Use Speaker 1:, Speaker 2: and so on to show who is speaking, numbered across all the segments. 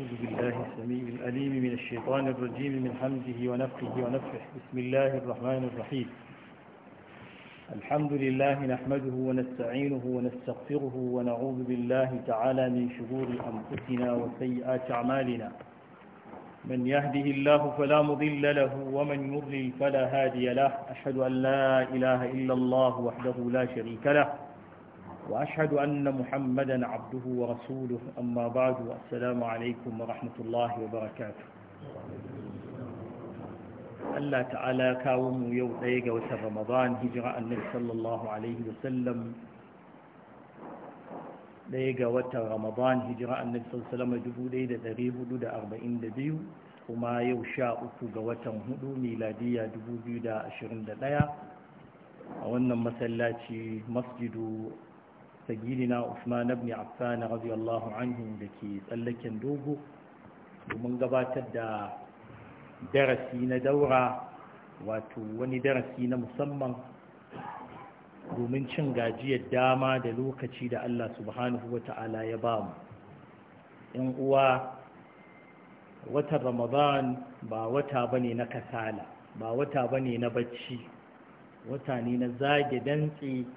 Speaker 1: أعوذ بالله السميع الأليم من الشيطان الرجيم من حمده ونفقه ونفحه بسم الله الرحمن الرحيم الحمد لله نحمده ونستعينه ونستغفره ونعوذ بالله تعالى من شرور أنفسنا وسيئات أعمالنا من يهده الله فلا مضل له ومن يضلل فلا هادي له أشهد أن لا إله إلا الله وحده لا شريك له وأشهد أن محمدا عبده ورسوله أما بعد السلام عليكم ورحمة الله وبركاته Allah ta'ala kawo mu yau ɗaya ga watan Ramadan hijira annabi sallallahu alaihi wa sallam ɗaya ga watan Ramadan hijira annabi sallallahu alaihi wa wasallam biyu, kuma yau sha uku ga watan hudu miladiya dubu biyu da ashirin da ɗaya, a wannan masallaci masjidu سيدنا عثمان بن عفان رضي anhu عنه دكي تسلكن دوغو ومن gabatar da darasi na daura wato wani darasi na musamman domin cin gajiyar dama da lokaci da Allah subhanahu wa ta'ala ya ba mu in uwa wata ramadan ba wata bane na kasala ba wata bane na bacci wata ne na zage dantse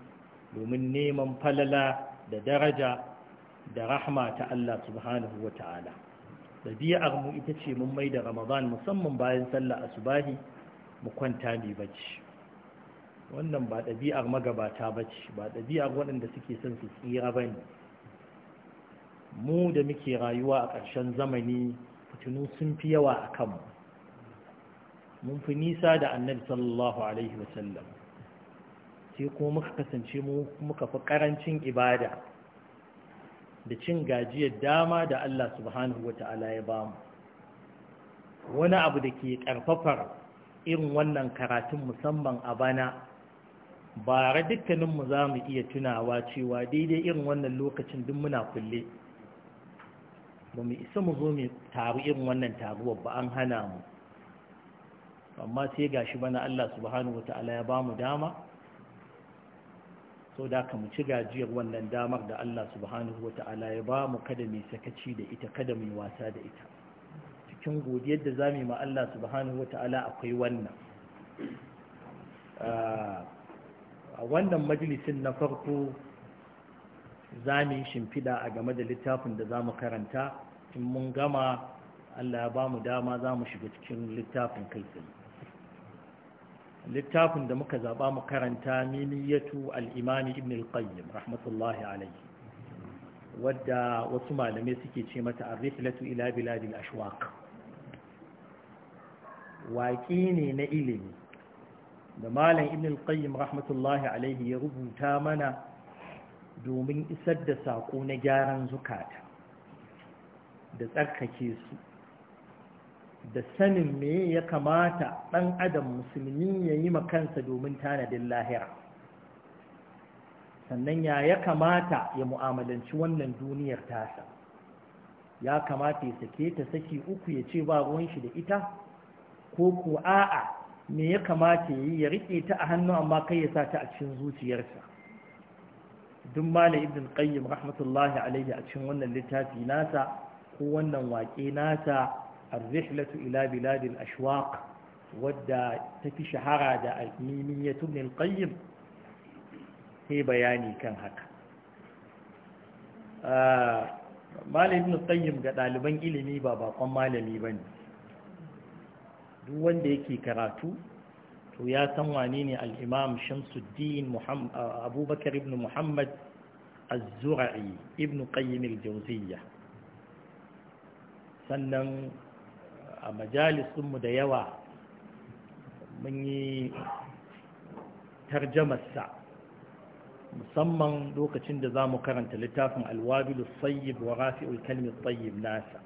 Speaker 1: domin neman falala da daraja da rahma ta Allah subhanahu wa ta'ala ɗabi'ar mu ita ce mun mai da ramadan musamman bayan sallah asubahi mu kwanta mai bacci wannan ba ɗabi'ar magabata bacci ba ɗabi'ar waɗanda suke son su tsira ba ne mu da muke rayuwa a ƙarshen zamani fitinu sun fi yawa a kanmu mun fi nisa da annabi sallallahu alaihi wasallam sai kuma muka kasance mu muka fi karancin ibada da cin gajiyar dama da Allah subhanahu ta'ala ya bamu wani abu da ke karfafar irin wannan karatun musamman a bana bara dukkaninmu za mu iya tunawa cewa daidai irin wannan lokacin duk muna kulle ba mu isa mu zo mu taru irin wannan taruwar ba an hana mu amma sai gashi bana Allah subhanahu ta'ala ya bamu dama so da ka mu ci gajiyar wannan damar da Allah subhanahu ta'ala ya ba mu kada mai sakaci da ita kada mai wasa da ita cikin godiyar da za mu yi ma Allah subhanahu ta'ala akwai wannan ah, a wannan majalisin na farko za mu yi shimfiɗa a game da littafin da za mu karanta in mun gama Allah ya ba mu dama za mu shiga cikin littafin kai tsaye littafin da muka zaba mu karanta miniyatu al-imami ibn al-qayyim rahmatullahi alayhi wadda wasu malamai suke ce mata a rihlatu ila bilad ashwaq waƙi ne na ilimi da malam ibn al-qayyim rahmatullahi alayhi ya rubuta mana domin isar da saƙo na gyaran zukata da tsarkake su da sanin me ya kamata ɗan adam musulmi ya yi makansa domin tanadin lahira sannan ya ya kamata ya mu'amalanci wannan duniyar tasa ya kamata ya sake ta saki uku ya ce ba ruwan shi da ita ko ko a'a me ya kamata ya yi ya riƙe ta a hannu amma kai ya sa ta a cikin zuciyarsa duk malam ibn qayyim rahmatullahi alaihi a cikin wannan littafi nasa ko wannan waƙe nasa ar-rihlatu ila bilad al wadda ta fi shahara da al-mimiyatu min sai bayani kan haka ga ɗaliban ilimi ba bakon malami bane duk wanda yake karatu to ya san wane ne imam shamsuddin abubakar ibn muhammad az-zura'i ibn qayyim al sannan a majalisunmu da yawa mun yi tarjamarsa musamman lokacin da za mu karanta littafin alwabilu Sayyid wa rafi'ul kalmi tsayyib nasa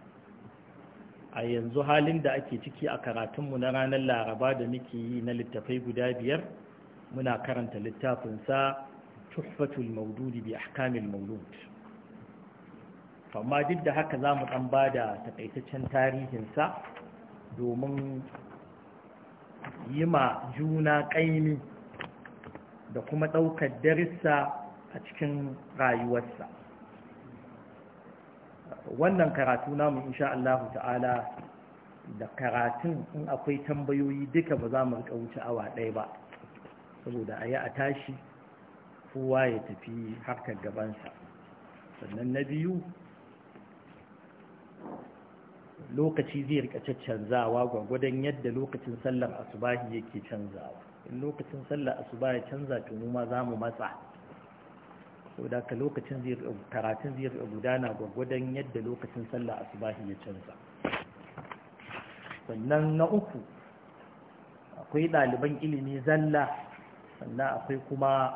Speaker 1: a yanzu halin da ake ciki a karatunmu na ranar laraba da muke yi na littafai guda biyar muna karanta littafinsa Tuffatul maududi bi ahkamil maulud amma duk da haka za mu ɗan ba da taƙaitaccen tarihinsa domin yi ma juna ƙaimi da kuma ɗaukar darissa a cikin rayuwarsa wannan karatu namu insha Allah ta'ala da karatun in akwai tambayoyi duka ba za mu rika wuce awa ɗaya ba saboda a yi a tashi kowa ya tafi harkar gabansa sannan na biyu lokaci zai rika canzawa gwagwadon yadda lokacin sallar asubahi yake canzawa in lokacin sallar asuba ya canza to mu ma za mu matsa saboda ka lokacin zai karatun zai rika gudana gwagwadon yadda lokacin sallar asubahi ya canza sannan na uku akwai ɗaliban ilimi zalla sannan akwai kuma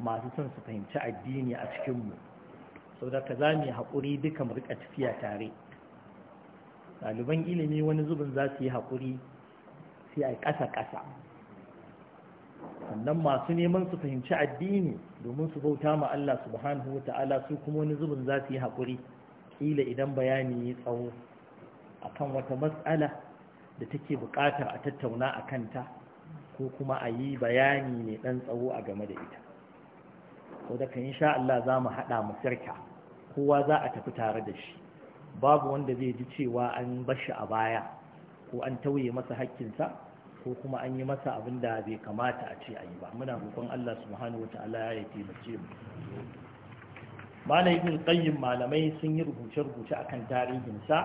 Speaker 1: masu son su fahimci addini a cikinmu saboda ka za mu yi haƙuri duka mu rika tafiya tare ɗaliban ilimi wani zubin za su yi haƙuri sai a ƙasa-ƙasa sannan masu neman su fahimci addini domin su bauta ma Allah subhanahu wa ta'ala su kuma wani zubin za su yi haƙuri ƙila idan bayani ya tsawo a kan wata matsala da take buƙatar a tattauna a kanta ko kuma a yi bayani ne ɗan tsawo a game da ita ko da kan insha Allah za mu haɗa mu sirka kowa za a tafi tare da shi babu wanda zai ji cewa an bashi a baya ko an tauye masa hakkinsa ko kuma an yi masa abin da bai kamata a ce a ba muna roƙon Allah subhanahu wataala ya yi taimace mu Malamin ibn malamai sun yi rubuce-rubuce akan tarihinsa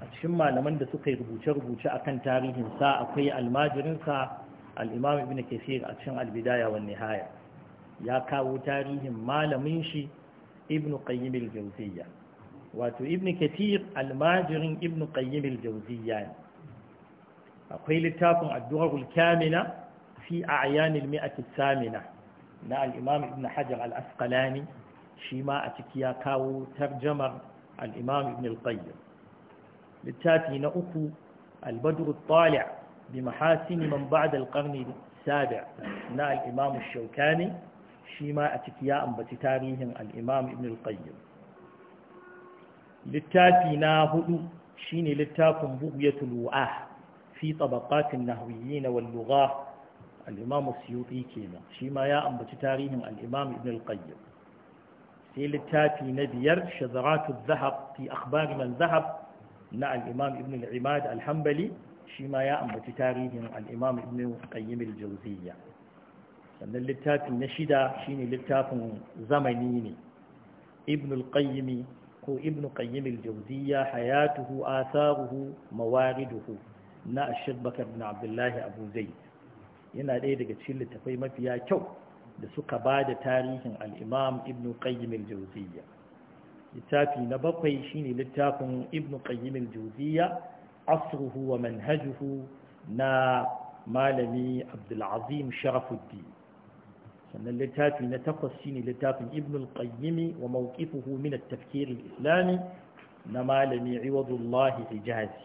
Speaker 1: a cikin malaman da suka yi rubuce-rubuce akan tarihin sa akwai almajirinsa al'imam ibn kathir a cikin albidaya wa nihaya ya kawo tarihin malamin shi ibn qayyim al-jawziyya wato ibn kathir almajirin ibn qayyim al-jawziyya ne akwai littafin addu'arul kamila fi a'yanil mi'ati samina na al-imam ibn hajar al-asqalani shi ma a ciki ya kawo tarjamar al-imam ibn al-qayyim littafi na uku al-badr al-tali' bi mahasin man ba'da al-qarni sabi' na al-imam ash-shawkani shi ma a ciki ya ambaci tarihin al-imam ibn al-qayyim littafi na hudu shine littafin bughyatul wa'ah fi tabaqatin nahwiyyin wal lugha al-imam suyuti kenan shi ma ya ambaci tarihin al-imam ibn al-qayyim sai littafi na biyar shazaratul zahab fi akhbari man zahab na al-imam ibn al-imad al-hanbali shi ma ya ambaci tarihin al-imam ibn qayyim al-jawziyya sannan littafin na shida shine littafin zamani ne ibn al-qayyim ko ibn qayyim al-jawziyya hayatuhu asaruhu mawariduhu na ashir bakar bin abdullahi abu yana ɗaya daga cikin littafai mafiya kyau da suka ba da tarihin al'imam ibn qayyim al-jawziyya littafi na bakwai shine littafin ibn qayyim al-jawziyya asruhu wa manhajuhu na malami abdulazim sharafuddin sannan littafi na takwas shine littafin ibn al wa mawqifuhu min at-tafkir al-islami na malami iwadullahi hijazi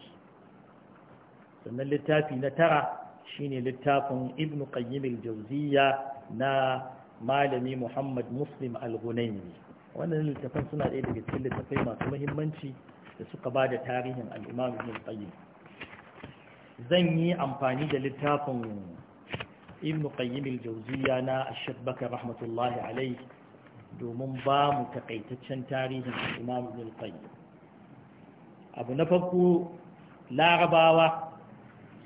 Speaker 1: sannan littafi na tara shine littafin ibn qayyim al-jawziyya na malami muhammad muslim al-gunaymi wannan littafin suna ɗaya daga cikin littafai masu muhimmanci da suka ba da tarihin al-imam ibn qayyim zan yi amfani da littafin ibn qayyim jauziya na ashabbaka rahmatullahi alaih domin ba mu takaitaccen tarihin imam ibn qayyim abu na farko larabawa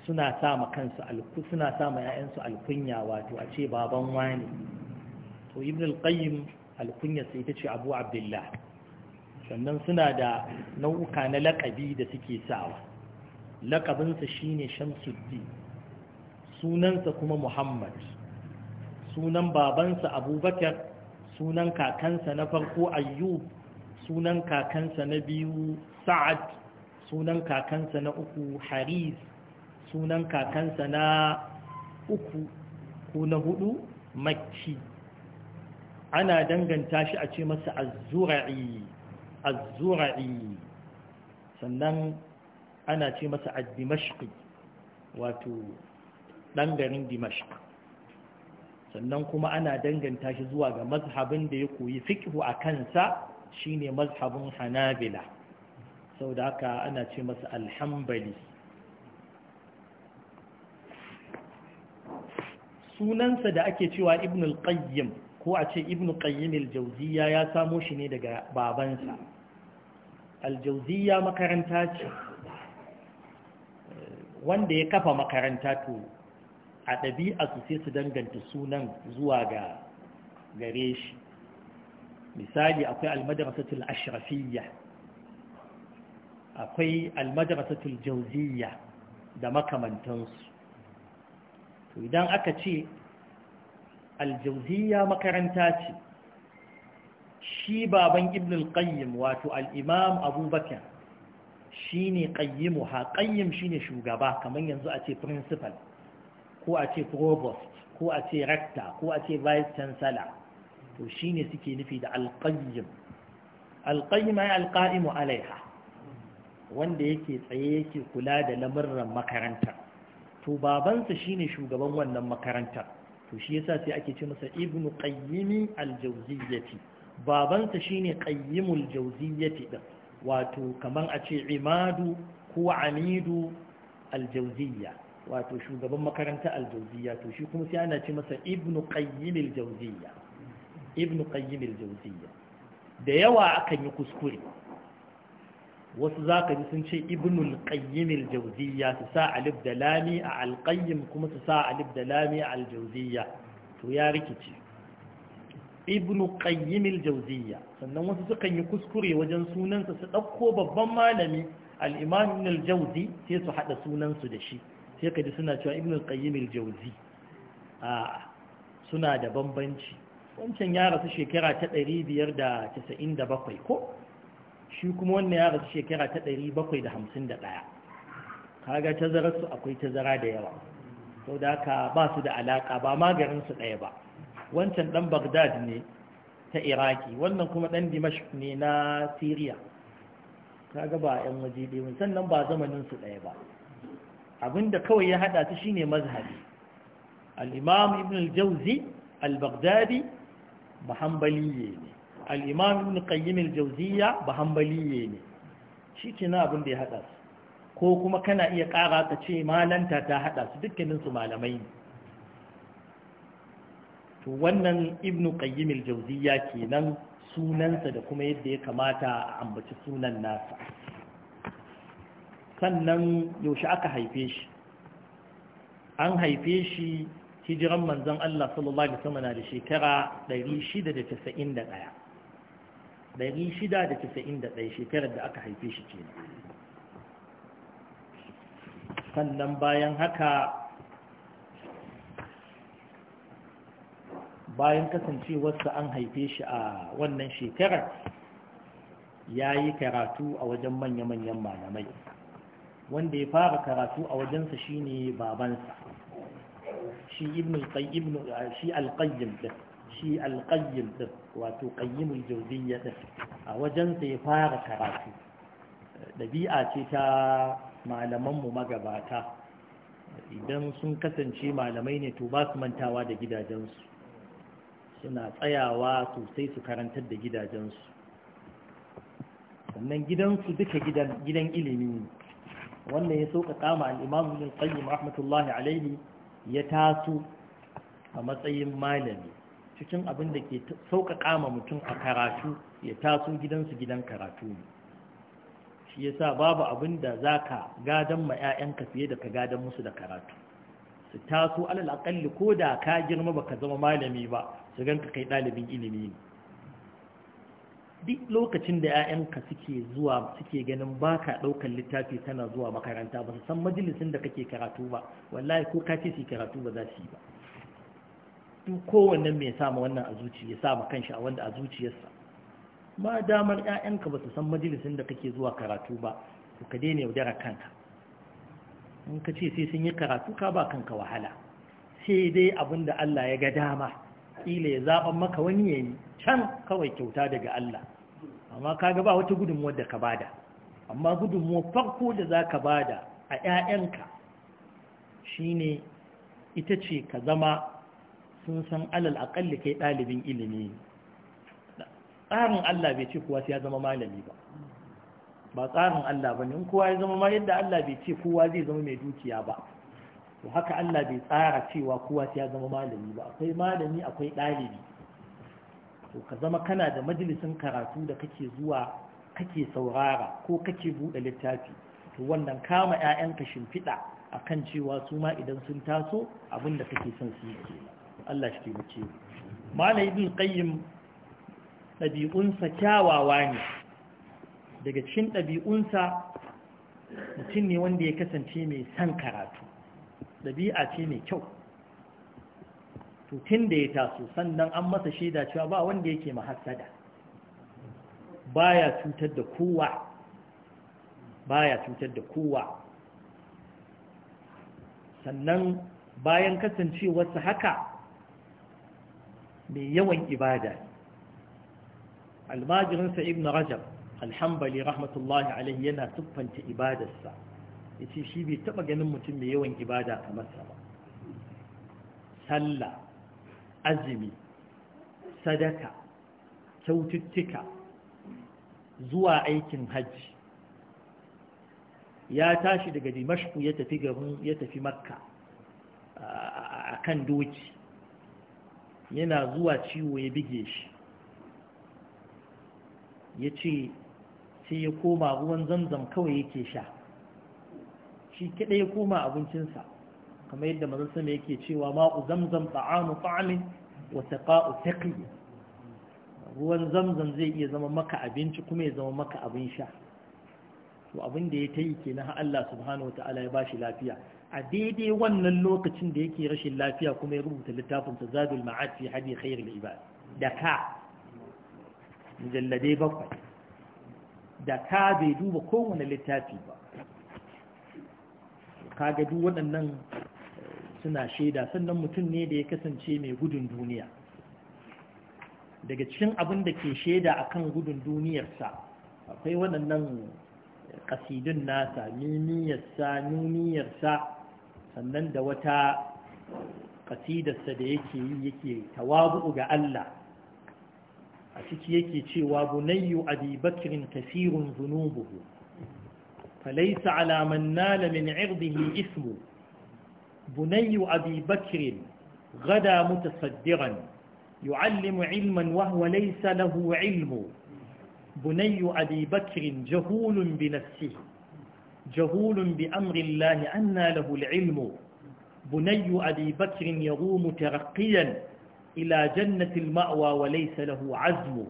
Speaker 1: suna sama kansu alku suna sama ƴaƴansu alkunya wato a ce baban wani to ibn qayyim alkunya sai ta ce abu abdullah sannan suna da nau'uka na laƙabi da suke sawa laƙabinsa shine shamsuddin sunansa kuma muhammad sunan babansa abubakar sunan kakansa na farko ayyub sunan kakansa na biyu sa'ad sunan kakansa na uku haris sunan kakansa na uku ko na hudu makki ana danganta shi a ce masa azzura'i azura'i sannan ana ce masa addimashqi wato ɗan garin dimashq sannan kuma ana danganta shi zuwa ga mazhabin da ya koyi fiqhu a kansa shine mazhabin hanabila sau da haka ana ce masa alhambali sunansa da ake cewa ibn al-qayyim ko a ce ibn al qayyim al-jawziya ya samo shi ne daga babansa al-jawziya makaranta ce eh, wanda ya kafa makaranta to a ɗabi'a su sai su danganta sunan zuwa ga gare shi misali akwai almadrasatul ashrafiyya akwai almadrasatul jawziyya da makamantansu to idan aka ce aljawziyya makaranta ce shi baban ibn qayyim wato al-imam abubakar shine qayyimuha shi shine shugaba kamar yanzu a ce principal ko a ce provost ko a ce rector ko a ce vice chancellor to shine suke nufi da alqayyim alqayyim ay alqa'imu alaiha wanda yake tsaye yake kula da lamurran makaranta to babansa shine shugaban wannan makaranta to shi yasa sai ake ce masa ibnu qayyim aljawziyyati babansa shine qayyimul jawziyyati din wato kaman a ce imadu ko amidu aljawziyya wato shugaban makaranta aljauziya to shi kuma sai ana ce masa ibnu qayyim aljauziya ibnu qayyim aljauziya da yawa akan yi kuskure wasu za ka ji sun ce ibnul qayyimil jawziyya su sa alif da lami a alqayyim kuma su sa alif da lami a aljawziyya to ya rikice ibnu qayyimil jawziyya sannan wasu sukan yi kuskure wajen sunansa su ɗauko babban malami al-imam ibn al-jawzi sai su haɗa sunansu da shi sai ka suna cewa ibn al-qayyim al-jawzi a suna da bambanci wancan ya rasu shekara ta 597 ko shi kuma wannan ya rasu shekara ta 751 kaga tazararsu akwai tazara da yawa sau da ba su da alaka ba su ɗaya ba wancan ɗan bagdad ne ta iraki wannan kuma ɗan dimashq ne na syria kaga ba 'yan waje sannan ba zamanin su ɗaya ba abinda kawai ya hada ta shine mazhabi al-imam ibn al-jawzi al-baghdadi bahambaliye ne al-imam ibn qayyim al-jawziyya bahambaliye ne na abinda ya hada su ko kuma kana iya ƙara ka ce malanta ta hada su dukkanin su malamai ne to wannan ibn qayyim al-jawziyya kenan sunansa da kuma yadda ya kamata a ambaci sunan nasa sannan yaushe aka haife shi an haife shi hijiran manzon Allah sallallahu alaihi wasallam na da shekara 691 691 shekarar da aka haife shi kenan sannan bayan haka bayan kasancewarsa an haife shi a wannan shekarar ya yi karatu a wajen manya-manyan malamai wanda ya fara karatu a wajensa shine babansa shi ibn shi alƙayyim ɗin wato qayyim al-jawziyya a wajensa ya fara karatu Ɗabi'a ce ta malamanmu magabata idan sun kasance malamai ne to ba su mantawa da gidajensu suna tsayawa sosai su karantar da gidajensu sannan gidansu duka gidan ilimi ne wannan ya sauka kama al-imam ibn rahmatullahi alaihi ya taso a matsayin malami cikin abin da ke sauka kama mutum a karatu ya taso gidansu gidan karatu ne shi yasa babu abin da zaka gadon ma 'ya'yanka fiye da ka gadon musu da karatu su taso alal ko da ka girma baka zama malami ba su ganka kai ɗalibin ilimi ne duk lokacin da 'ya'yanka suke zuwa suke ganin baka ka littafi tana zuwa makaranta ba su san majalisin da kake karatu ba wallahi ko ka ce su karatu ba za su yi ba duk kowanne mai ma wannan a zuci ya ma kanshi a wanda a zuciyarsa ma damar 'ya'yanka ba su san majalisin da kake zuwa karatu ba to ka daina yaudara kanka in ka ce sai sun yi karatu ka ba kanka wahala sai dai abin da Allah ya ga dama kila ya zaɓa maka wani yayi can kawai kyauta daga Allah amma kaga ba wata gudunmuwa da ka bada amma gudunmuwa farko da za ka bada a 'ya'yanka shine ita ce ka zama sun san alal akalli kai ɗalibin ilimi tsarin Allah bai ce kowa ya zama malami ba ba tsarin Allah ba ne in kowa ya zama ma yadda Allah bai ce kowa zai zama mai dukiya ba to haka Allah bai tsara cewa kowa sai ya zama malami ba akwai malami akwai ɗalibi to ka zama kana da majalisin karatu da kake zuwa kake saurara ko kake buɗe littafi to wannan kama 'ya'yanka shimfiɗa a kan cewa su ma idan sun taso abin da kake son su yi Allah shi taimake mu mala bin qayyim ɗabi'unsa kyawawa ne daga cikin ɗabi'unsa mutum ne wanda ya kasance mai son karatu ɗabi'a ce mai kyau to da ya taso sannan an masa shaida cewa ba wanda yake mahassada baya cutar da kowa baya cutar da kowa sannan bayan kasancewarsa haka mai yawan ibada almajirinsa ibn rajab alhambali rahmatullahi alaihi yana siffanta ibadarsa ya ce shi bai taɓa ganin mutum mai yawan ibada kamar masa. sallah azumi sadaka kyaututtuka zuwa aikin hajji ya tashi daga dimashku ya tafi garin ya tafi makka a kan doki yana zuwa ciwo ya bige shi ya ce sai ya koma ruwan zamzam kawai yake sha shi kaɗai ya koma abincinsa kamar yadda mazan sama yake cewa ma'u zamzam ta'amu ta'amin wa taqa'u taƙi ruwan zamzam zai iya zama maka abinci kuma ya zama maka abin sha to abin da ya tayi kenan Allah subhanahu ta'ala ya bashi lafiya a daidai wannan lokacin da yake rashin lafiya kuma ya rubuta littafin ta zadul ma'ati hadi hadi khairul ibad da ka mujalladai bakwai da ka bai duba kowane littafi ba kaga duk waɗannan suna shaida sannan mutum ne da ya kasance mai gudun duniya daga cikin abin da ke shaida akan gudun duniyarsa akwai waɗannan ƙasidun nasa mimiyarsa nuniyarsa sannan da wata ƙasidarsa da yake yi yake tawabu ga Allah a ciki yake cewa bunayyu abi bakirin kasirun zunubuhu falaisa alaman nala min irdihi ismu بني أبي بكر غدا متصدرا يعلم علما وهو ليس له علم بني أبي بكر جهول بنفسه جهول بأمر الله أن له العلم بني أبي بكر يغوم ترقيا إلى جنة المأوى وليس له عزم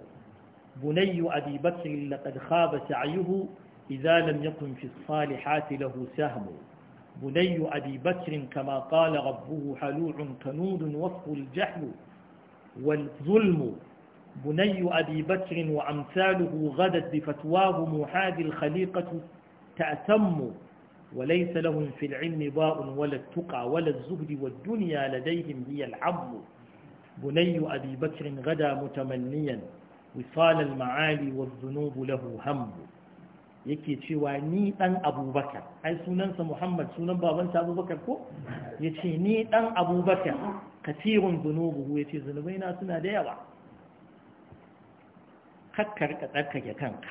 Speaker 1: بني أبي بكر لقد خاب سعيه إذا لم يكن في الصالحات له سهم بني أبي بكر كما قال ربه حلوع كنود وصف الجهل والظلم بني أبي بكر وأمثاله غدت بفتواه محاذ الخليقة تأتم وليس لهم في العلم باء ولا التقى ولا الزهد والدنيا لديهم هي العظم بني أبي بكر غدا متمنيا وصال المعالي والذنوب له هم yake cewa ni dan abubakar ai sunansa muhammad sunan babansa abubakar ko ya ce ni dan abubakar kasirin zunubu ya ce zunubai na suna da yawa kakkar ka tsarkake kanka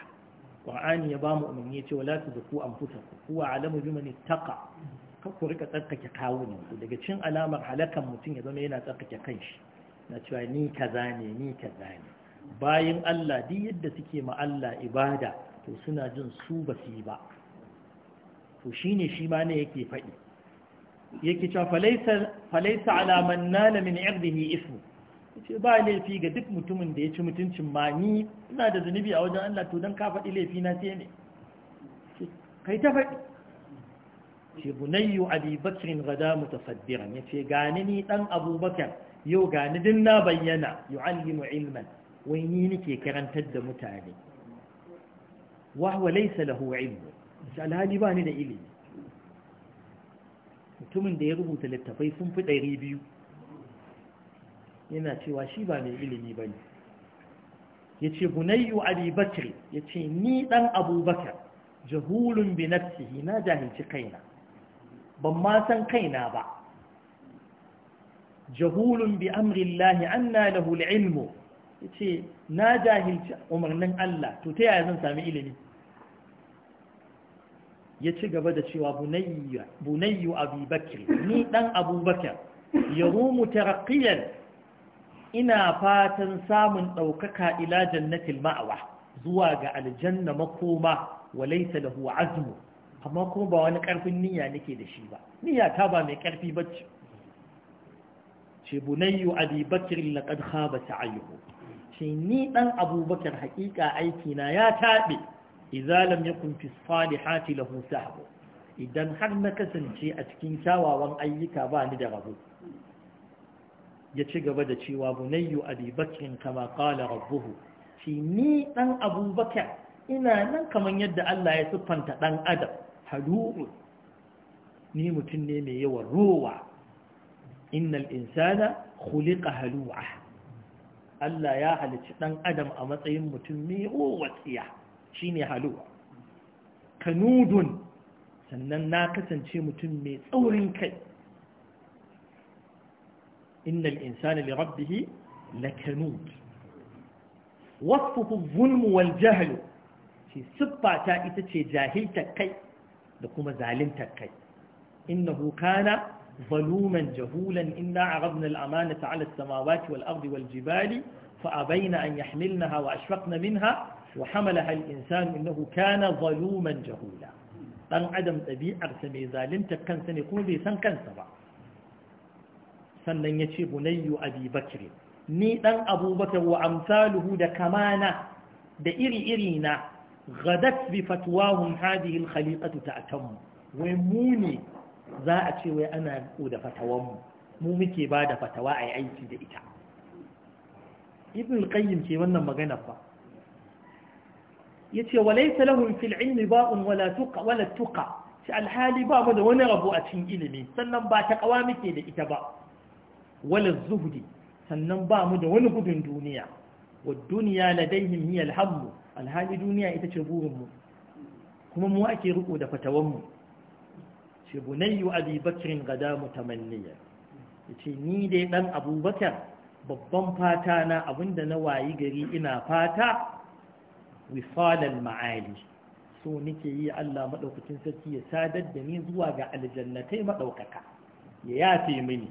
Speaker 1: ƙwa'ani ya ba mu umarni ya ce wala su ku an fusa kuwa alamu bi mani taka kakku rika tsarkake kawunan ku daga cin alamar halakan mutum ya zama yana tsarkake kanshi na cewa ni kaza ne ni kaza ne bayan Allah duk yadda suke ma Allah ibada to suna jin su ba su yi ba to shine shi ma ne yake faɗi yake cewa falaisa alaman nana min irdihi ismu ce ba laifi ga duk mutumin da ya ci mutuncin ma ni ina da zunubi a wajen Allah to don ka faɗi laifi na sai ne kai ta faɗi ce bunayyu abi bakirin gada mutafaddiran ya ce gani ni ɗan abubakar yau gani din na bayyana yu'allimu ilman wai ni nake karantar da mutane وهو ليس له علم alhali ba ni da ilimi mutumin da ya rubuta littafai sun fi ɗari biyu yana cewa shi ba mai ilimi ba ne ya ce bunayyu abubakar ya ce ni ɗan abubakar jahulun bi nafsihi na jahilci kaina ban ma san kaina ba jahulun bi amrillahi anna lahu ilmu ya ce na jahilci umarnin Allah to ta yaya zan sami ilimi ya ci gaba da cewa bunayyu abu bakir ni dan abubakar ya rumu tarakiyan ina fatan samun ɗaukaka ila jannatin ma'awa zuwa ga aljanna makoma walaita da huwa azmu amma kuma ba wani ƙarfin niyya nake da shi ba niyya ta ba mai ƙarfi ba ce bunayyu abu bakir laƙad khaba ta'ayyuhu ni dan abubakar haƙiƙa aikina ya taɓe idza lam yakun fi salihati lahu sahbu idan har na kasance a cikin kyawawan ayyuka ba ni da rabo ya ci gaba da cewa bunayyu abi bakrin kama qala rabbuhu shi ni dan abubakar ina nan kaman yadda Allah ya siffanta dan adam halu'u ni mutum ne mai yawan rowa innal insana khuliqa halu'a Allah ya halicci dan adam a matsayin mutum mai rowa tsiya shine haluwa kanudun sannan na kasance mutum mai tsaurin kai innal insana li rabbih lakanud wasfuhu zulm wal jahl shi siffata ita ce jahilta kai da kuma zalinta kai innahu kana ظلوما جهولا إنا عرضنا الأمانة على السماوات والأرض والجبال na أن wa وأشفقن minha. وحملها الإنسان إنه كان ظلوما jahula. ɗan adam ɗabi'arsa mai zalinta kansa ne kuma bai san kansa ba sannan ya ce bunayyu abi ni ɗan abubakar wa amsaluhu da kamana da iri-iri na gadat bi fatuwahun hadihil khaliqatu ta akanmu wai mu ne za a ce wai ana riko da fatawanmu mu muke ba da fatawa a aiki da ita ibn qayyim ce wannan maganar ba yace walai lahum fil ilmi ba'un wala tuqa wala tuqa shi alhali ba mu da wani rabo a cikin ilimi sannan ba ta kawa muke da ita ba wala zuhdi sannan ba mu da wani gudun duniya wa duniya ladaihim hiya alhammu alhali duniya ita ce burin mu kuma mu ake riko da fatawan mu ce bunayyu abi bakrin gada mutamanniya yace ni dai dan abubakar babban fata na abinda na wayi gari ina fata Wifalan ma'ali so nake yi Allah maɗaukacin sarki ya sadar da ni zuwa ga aljannatai maɗaukaka ya yafe mini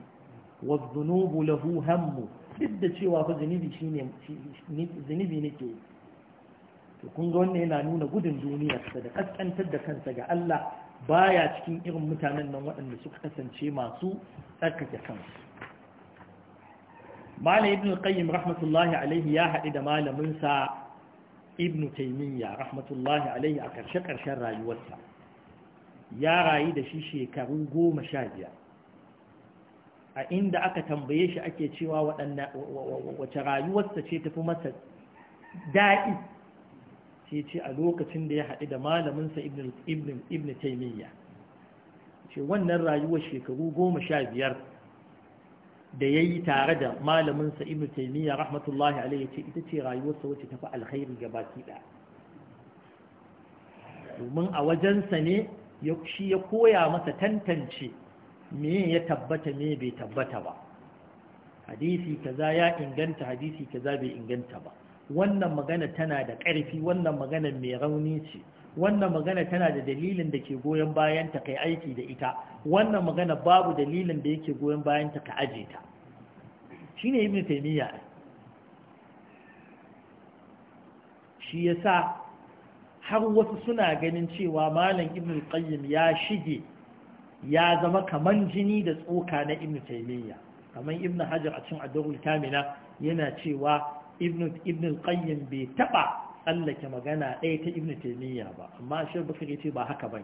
Speaker 1: wa zunubu lahu hammu duk cewa fa zunubi shine zunubi nake to kun ga wannan yana nuna gudun duniya da kaskantar da kansa ga Allah baya cikin irin mutanen nan waɗanda suka kasance masu tsarkake kansu malam ibn rahmatullahi alaihi ya haɗu da malamin sa ibn taimiyya rahmatullahi alaihi a karshe-karshen rayuwarsa ya rayu da shi shekaru goma sha biyar a inda aka tambaye shi ake cewa wace rayuwarsa ce tafi masa daɗi ce a lokacin da ya haɗu da malaminsa ibn taimiyya ce wannan rayuwar shekaru goma sha biyar da ya yi tare da malaminsa ibn taimiyya rahmatullahi alaihi ce ita ce rayuwarsa wacce tafi alkhairi ga baki ɗaya domin a wajensa ne shi ya koya masa tantance me ya tabbata me bai tabbata ba hadisi kaza ya inganta hadisi kaza bai inganta ba wannan magana tana da ƙarfi wannan magana mai rauni ce wannan magana tana da dalilin da ke goyon bayan ta kai aiki da ita wannan magana babu dalilin da yake goyon bayan ta ka aje ta shine ibn taymiya shi yasa har wasu suna ganin cewa malam ibn qayyim ya shige ya zama kaman jini da tsoka na ibn taymiya kaman ibn hajar a cikin adawul kamila yana cewa ibn ibn qayyim bai taba tsallake magana ɗaya ta ibn taimiyya ba amma shi bakar ya ce ba haka ba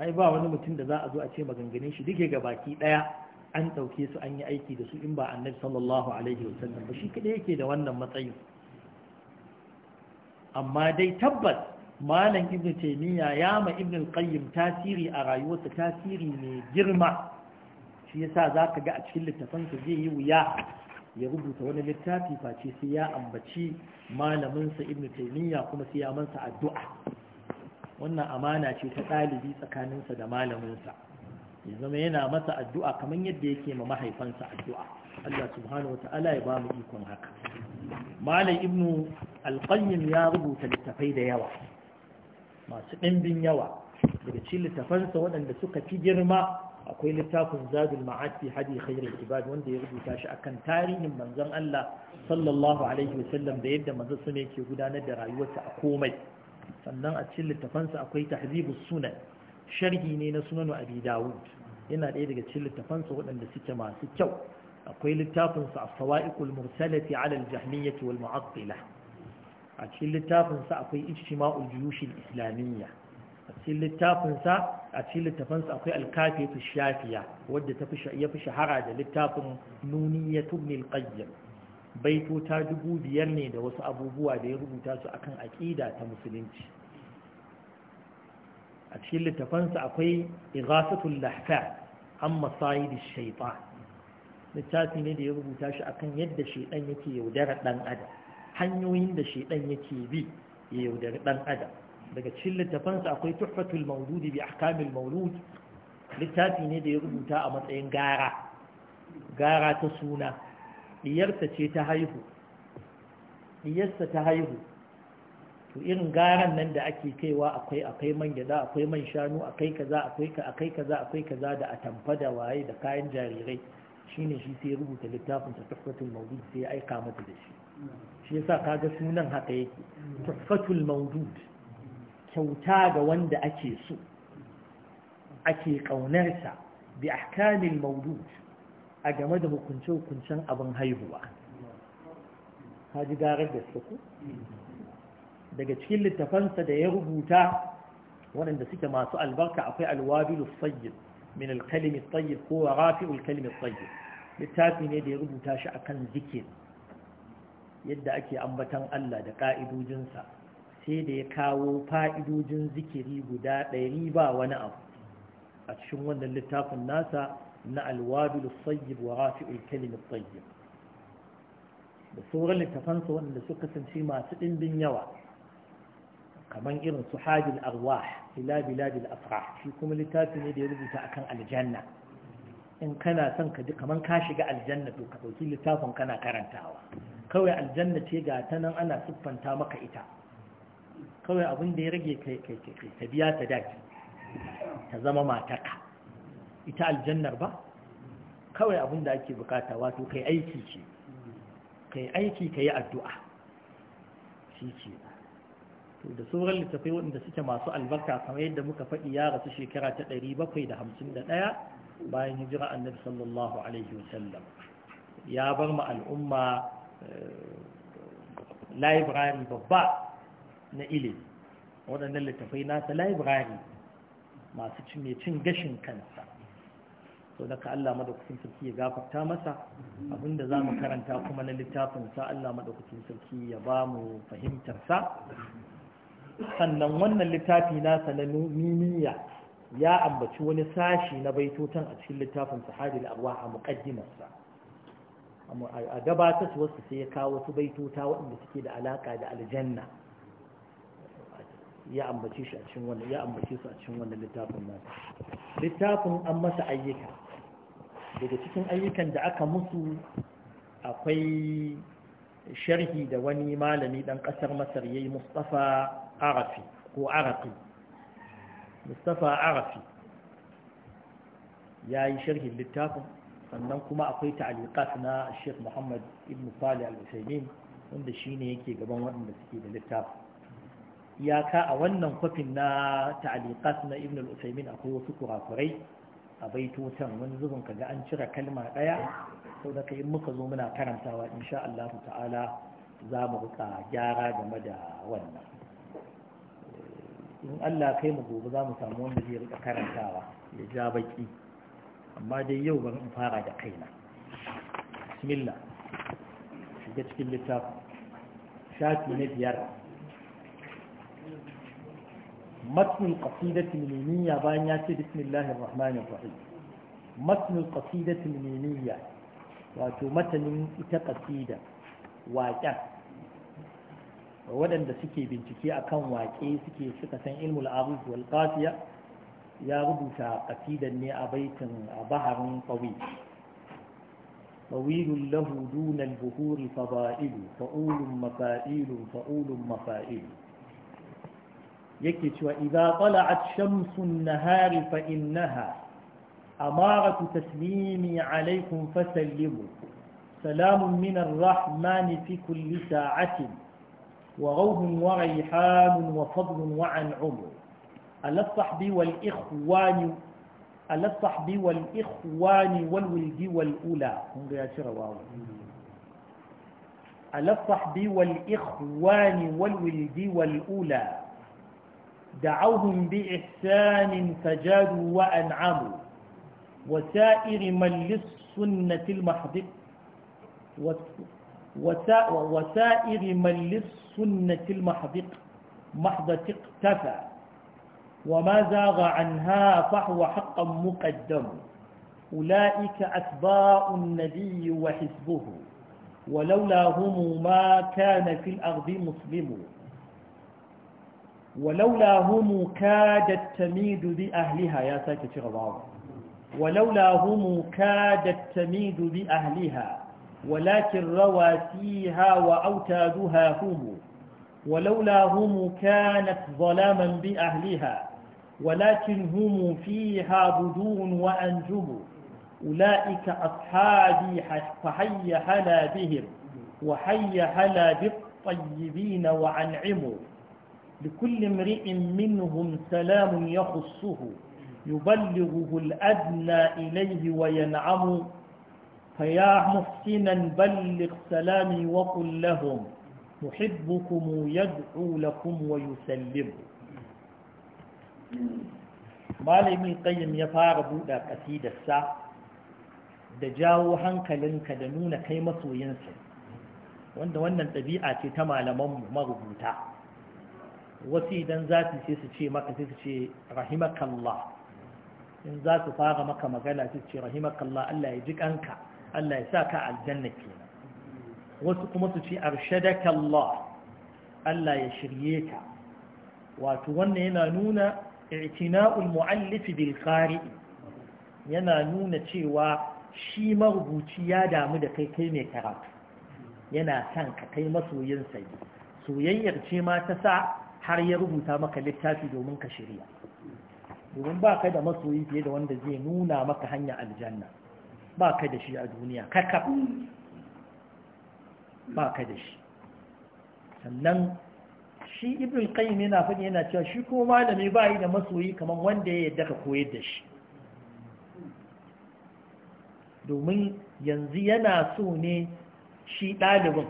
Speaker 1: ai ba wani mutum da za a zo a ce maganganun shi duke ga baki ɗaya an ɗauke su an yi aiki da su in ba annabi sallallahu alaihi wasallam ba shi kaɗai yake da wannan matsayin. amma dai tabbas malam ibn taimiyya ya ma ibn qayyim tasiri a rayuwarsa tasiri mai girma shi yasa zaka ga a cikin littafansa zai yi wuya ya rubuta wani littafi face sai ya ambaci malaminsa ibn taymiya kuma sai ya mansa addu'a wannan amana ce ta ɗalibi tsakaninsa da malaminsa ya zama yana masa addu'a kamar yadda yake ma mahaifansa addu'a Allah subhanahu wa ta'ala ya ba mu ikon haka malam ibn alqayyim ya rubuta littafai da yawa masu ɗimbin yawa daga cikin littafansa waɗanda suka fi girma akwai littafin zadul ma'ad fi hadi khairul ibad wanda ya rubuta shi akan tarihin manzon Allah sallallahu alaihi wasallam da yadda manzon sa yake gudanar da rayuwarsa a komai sannan a cikin sa akwai tahzibus sunan sharhi ne na sunan abi dawud yana ɗaya daga cikin sa waɗanda suke masu kyau akwai littafinsa a sawa'iqul mursalati ala al-jahmiyyah wal mu'attila a cikin sa akwai ijtima'ul juyush al-islamiyya a cikin littafinsa a cikin littafinsa akwai alkafi fi shafiya wadda ta ya fi shahara da littafin nuni ya tubni alƙayyar baito ta dubu biyar ne da wasu abubuwa da ya rubuta su akan aƙida ta musulunci a cikin littafansa akwai igasatul lahfa an masayid shaitan littafi ne da ya rubuta shi akan yadda shaitan yake yaudara dan adam hanyoyin da shaitan yake bi ya yaudari dan adam daga cikin littafansa akwai tuhfatul mawludi bi ahkamil mawlud littafi ne da ya rubuta a matsayin gara gara ta suna diyarsa ce ta haihu diyarsa ta haihu to irin garan nan da ake kaiwa akwai akwai man gida akwai man shanu akwai kaza akwai ka akwai kaza akwai kaza da atamfa da waye da kayan jarirai shine shi sai rubuta littafin sa tuhfatul mawlud sai ya aika mata da shi shi yasa kaga sunan haka yake tuhfatul mawlud kyauta ga wanda ake so ake ƙaunarsa bi ahkamil maudud a game da hukunce-hukuncen abin haihuwa haji garar da suku daga cikin littafansa da ya rubuta waɗanda suke masu albarka akwai alwabilu tsayyid min alkalimi tsayyid ko rafi'ul kalimi tsayyid littafi ne da ya rubuta shi akan zikin yadda ake ambatan Allah da ƙa'idojinsa sai da ya kawo fa'idojin zikiri guda ɗari ba wani abu a cikin wannan littafin nasa na alwadul sayyib wa rafi'ul kalim sayyib da sauran littafansa wanda suka kasance masu ɗimbin yawa kamar irin su hajjil arwah ila biladil afrah shi kuma littafi ne da ya rubuta akan aljanna in kana son ka ji kamar ka shiga aljanna to ka ɗauki littafin kana karantawa kawai aljanna ce ga ta nan ana siffanta maka ita kawai abin da ya rage kai kai kai ta biya ta daki ta zama mataka ita aljannar ba kawai abin da ake bukata wato kai aiki ce kai aiki yi addu'a shi ce to da sauran littafai waɗanda suke masu albarka kamar yadda muka faɗi ya rasu shekara ta 751 bayan hijira annabi sallallahu alaihi wasallam ya bar ma al'umma eh, library babba na ilimi waɗannan littafai nasa library masu cin cin gashin kansa sau da Allah madaukakin sarki ya gafarta masa abinda za mu karanta kuma na littafinsa Allah madaukakin sarki ya ba mu fahimtarsa sannan wannan littafi nasa na nuniya ya ambaci wani sashi na baitotan a cikin littafin sahadil arwa a muƙaddimarsa. a gabatar wasu sai ya kawo wasu baitota waɗanda suke da alaka da aljanna ya ambace shi a cikin wannan ya ambace su a cikin wannan littafin littafin an masa ayyuka daga cikin ayyukan da aka musu akwai sharhi da wani malami dan kasar Masar yayi Mustafa Arafi ko Arafi Mustafa Arafi yayi sharhin littafin sannan kuma akwai ta'liqat na Sheikh Muhammad Ibn Salih Al-Uthaymeen wanda shine yake gaban waɗanda suke da littafin Ya ka a wannan kwafin na ta'aliqat na ibn al-usaymin akwai wasu kurakurai a baitotan wani zubin Ga an cire kalma daya sau da kai muka zo muna karantawa insha Allah ta'ala za mu rika gyara game da wannan in Allah kai mu gobe za mu samu wanda zai rika karantawa ya ja baki amma dai yau bari in fara da kaina bismillah shiga cikin littafin shafi na biyar متن القصيدة الميمية ya بسم الله الرحمن الرحيم متن القصيدة الميمية wato matanin ita ƙasida waƙen waɗanda suke bincike akan waƙe suke suka san ilmul aruz wal ya rubuta ƙasidan ne a baitin a baharin qawi طويل له دون البهور فضائل فؤول مفائيل فؤول مفائيل yake cewa idza tala'at shamsun nahari fa innaha amaratu taslimi alaykum fasallimu salamun min ar-rahman fi kulli sa'atin wa rawhun wa rayhanun wa fadlun wa an'um ala sahbi wal ikhwani ala sahbi wal ikhwani wal wildi wal ula kun ga ya cira wawo ala sahbi wal ikhwani wal wildi wal ula دعوهم بإحسان فجادوا وأنعموا وسائر من للسنة المحضب وسائر من للسنة المحضق محضة اقتفى وما زاغ عنها فهو حقا مقدم أولئك أتباع النبي وحزبه ولولا هم ما كان في الأرض مسلمون ولولا هم كادت تميد بأهلها يا ساكت شغضاوة ولولا هم كادت تميد بأهلها ولكن رواسيها وأوتادها هم ولولا هم كانت ظلاما بأهلها ولكن هم فيها بدون وأنجب أولئك أصحابي فحي حلا بهم وحي حلا بالطيبين وأنعموا لكل امرئ منهم سلام يخصه يبلغه الأدنى إليه وينعم فيا محسنا بلغ سلامي وقل لهم محبكم يدعو لكم ويسلم malamin qayyim ya fara buɗa ƙasidarsa da jawo hankalinka da nuna kai masoyinsa wanda wannan ɗabi'a ce ta malamanmu marubuta wasu idan za su ce su ce maka sai su ce rahimakallah in za su fara maka magana sai su ce rahimakallah Allah ya ji kanka Allah ya sa ka aljanna kenan wasu kuma su ce arshadakallah Allah ya shirye ka wato wannan yana nuna i'tina'ul mu'allif bil qari yana nuna cewa shi marubuci ya damu da kai kai mai karatu yana son ka kai masoyinsa soyayyar ce ma ta sa har ya rubuta maka littafi domin ka shirya domin ba ka da masoyi fiye da wanda zai nuna maka hanya aljanna ba ka da shi a duniya kakaf ba ka da shi sannan shi ibn qayyim yana faɗi yana cewa shi ko malami ba yi da masoyi kamar wanda ya yadda ka koyar da shi domin yanzu yana so ne shi ɗalibin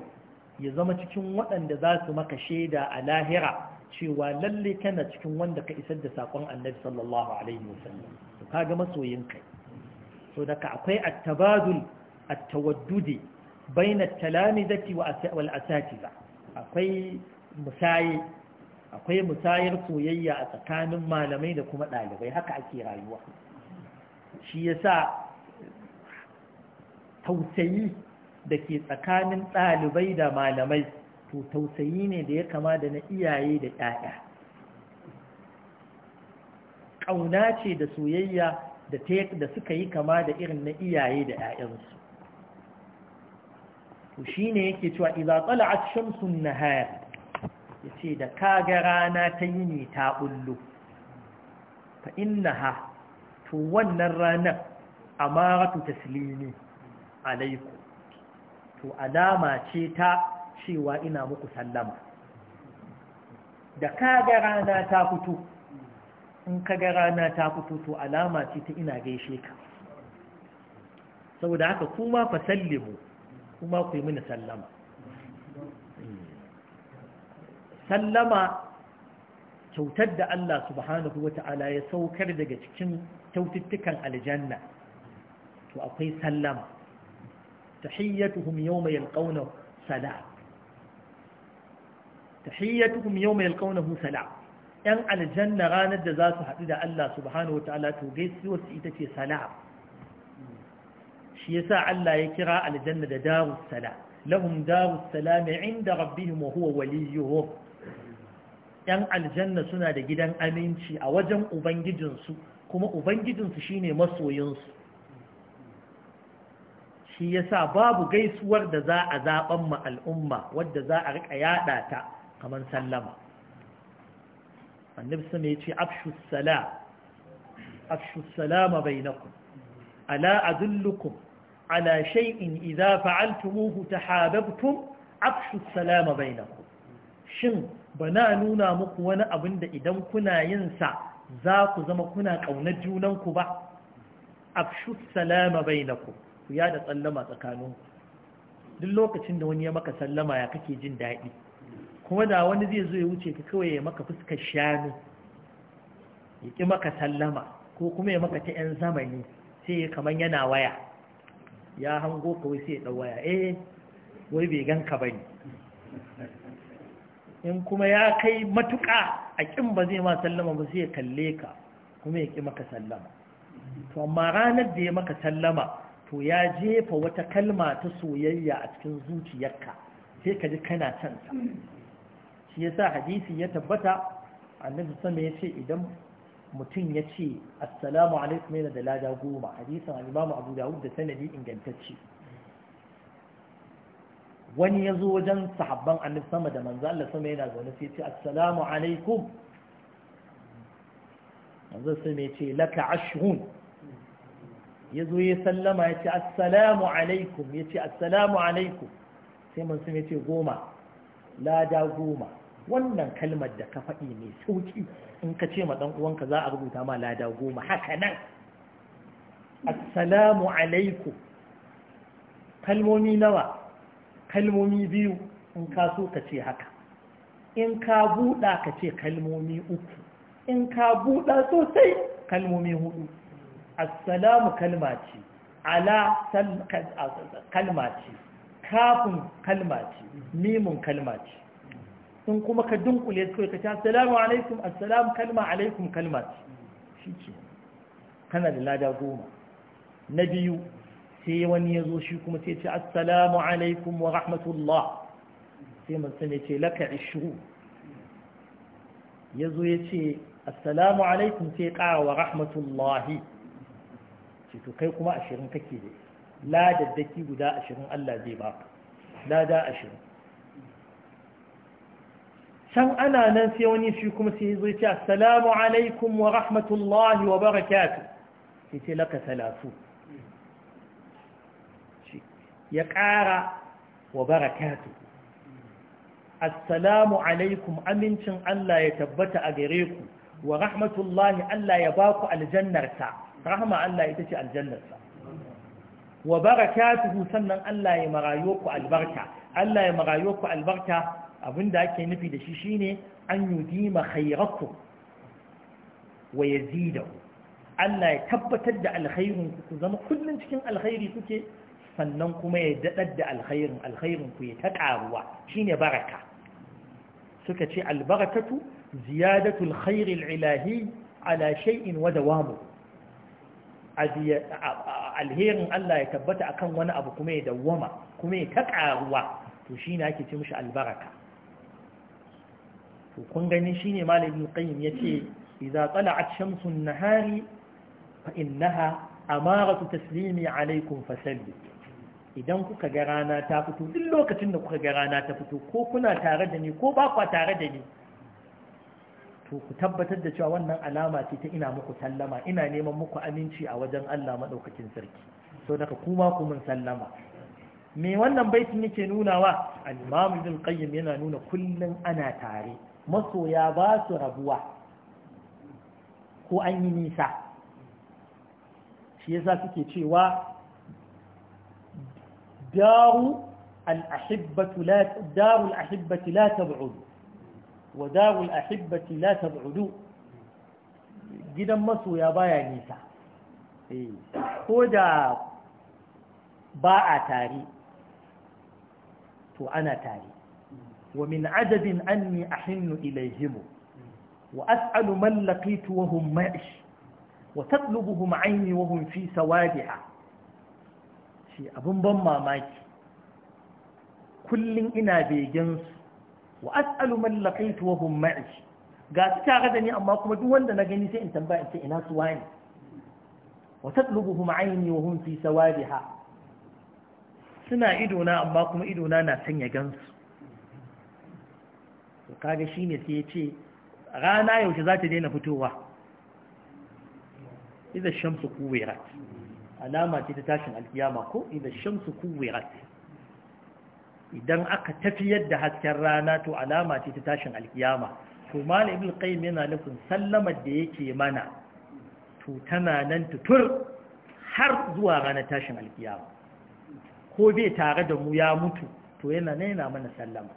Speaker 1: ya zama cikin waɗanda za su maka shaida a lahira cewa lalle kana cikin wanda ka isar da sakon annabi sallallahu alaihi wasallam to kaga masoyin kai so daga akwai at-tabadul at-tawaddudi baina at-talamizati wa al-asatiza akwai akwai musayar soyayya a tsakanin malamai da kuma ɗalibai haka ake rayuwa shi yasa tausayi da ke tsakanin ɗalibai da malamai to tausayi ne da ya kama da na iyaye da 'ya'ya? ƙauna ce da soyayya da suka yi kama da irin na iyaye da ‘ya'yansu to shine yake cewa iza tsala a shamsun nahar ya da kaga rana ta yi ne ta ɓullo fa inna ha to wannan ranar amaratu taslimi alaiku to alama ce ta cewa ina muku sallama da kaga rana ta fito in kaga rana ta fito to alama ce ta ina gaishe ka saboda haka kuma fa sallimu kuma ku yi mini sallama sallama kyautar da Allah subhanahu wa ta'ala ya saukar daga cikin kyaututtukan aljanna to akwai sallama yau mai yalqawnahu salam tahiyyatuhum yawma yalqawnahu salam yan aljanna ranar da za su haɗu da Allah subhanahu wataala to gaisuwar su ita ce salam shi yasa Allah ya kira aljanna da darus salam lahum darus salam inda rabbihim wa huwa waliyuhum yan aljanna suna da gidan aminci a wajen ubangijinsu kuma ubangijinsu shine masoyinsu shi yasa babu gaisuwar da za a zaɓan ma al'umma wadda za a riƙa yaɗa ta kamar sallama annabi sama ya ce afshu salam afshu salama ala azullukum ala shay'in idza fa'altumuhu tahabbtum afshu na ku. shin bana nuna muku wani abin da idan kuna yin sa za ku zama kuna ƙaunar junanku ba afshu salama bainakum ku yada sallama tsakaninku duk lokacin da wani ya maka sallama ya kake jin daɗi kuma da wani zai zo ya wuce ka kawai ya maka fuskar shanu ya ƙi maka sallama ko kuma ya maka ta 'yan zamani sai ya kamar yana waya ya hango kawai sai ya ɗau waya eh wai bai gan ka bane in kuma ya kai matuƙa a ƙin ba zai ma sallama ba sai ya kalle ka kuma ya ƙi maka sallama to amma ranar da ya maka sallama to ya jefa wata kalma ta soyayya a cikin zuciyarka sai ka ji kana canta shi yasa hadisi ya tabbata annabi sama ya ce idan mutum ya ce assalamu alaikum yana da lada goma hadisin alimamu abu dawud da sanadi ingantacce wani ya zo wajen sahabban annabi sama da manzo Allah sama yana zaune sai ce assalamu alaikum manzo sama ya ce laka ashhun ya zo ya sallama ya ce assalamu alaikum ya ce assalamu alaikum sai manzo sama ya ce goma lada goma wannan kalmar da ka faɗi mai sauƙi in ka ce ma ɗan uwanka za a rubuta ma lada goma haka nan assalamu alaikum kalmomi nawa kalmomi biyu in ka so ka ce haka in ka buɗa ka ce kalmomi uku in ka buɗa sosai kalmomi hudu assalamu kalma ce ala kalma ce kafin kalma ce mimun kalma ce in kuma ka dunkule su ka ce assalamu alaikum assalamu kalma alaikum kalma ce shi ce kana da lada goma na biyu sai wani ya zo shi kuma sai ce assalamu alaikum wa rahmatullah sai mutum ya ce laka ishiru ya zo ya ce assalamu alaikum sai ƙara wa rahmatullahi ce to kai kuma ashirin kake da ladaddaki guda ashirin Allah zai baka lada ashirin can ana nan sai wani shi kuma sai zai ce assalamu alaikum wa rahmatullahi wa barakatu sai ce laka salatu ya ƙara wa barakatu assalamu alaikum amincin Allah ya tabbata a gare ku wa rahmatullahi Allah ya ba ku aljannarsa rahama Allah ita ce aljannarsa wa barakatu sannan Allah ya marayo ku albarka Allah ya marayo ku albarka abin da ake nufi da shi shine an yudima khairakum wa yazidahu Allah ya tabbatar da alkhairin ku zama kullun cikin alkhairi kuke sannan kuma ya dadar da alkhairin alkhairin ku ya taƙaruwa shine baraka suka ce albarakatu ziyadatu alkhairil ilahi ala shay'in wa dawamu alherin Allah ya tabbata akan wani abu kuma ya dawwama kuma ya taƙaruwa, to shine ake ce mishi albaraka to kun gani shine malamin qayyim yace iza tala'at shamsu an-nahari fa innaha taslimi alaykum fasalli idan kuka ga rana ta fito duk lokacin da kuka ga rana ta fito ko kuna tare da ni ko ba kwa tare da ni to ku tabbatar da cewa wannan alama ce ta ina muku sallama ina neman muku aminci a wajen Allah maɗaukakin sarki so daga kuma ku mun sallama me wannan baitin yake nunawa al-imam ibn qayyim yana nuna kullum ana tare masoya ba su rabuwa ko an yi nisa shi yasa suke cewa daru al ahibbati la tab'udu wa daru al-ahibbati la tab'udu gidan masoya baya nisa eh, ko da ba a tare to ana tare ومن عدد أني أحن إليهم وأسأل من لقيت وهم معي وتطلبهم عيني وهم في سوادها شيء أبن بما ماكي kullum ina begensu wa as'alu man laqaitu wa hum ma'i ga su tare da ni amma kuma duk wanda na gani sai in tambaya in ce ina su wani wa tatlubuhum aini suna ido amma kuma idona na sanya gansu kaga shi ne sai ya ce rana yaushe za ta daina fitowa idan shamsu kuwirat alama ce ta tashin alkiyama ko idan shamsu kuwirat idan aka tafi yadda hasken rana to alama ce ta tashin alkiyama to malam ibn qayyim yana nufin sallamar da yake mana to tana nan tutur har zuwa ranar tashin alkiyama ko bai tare da mu ya mutu to yana nan yana mana sallama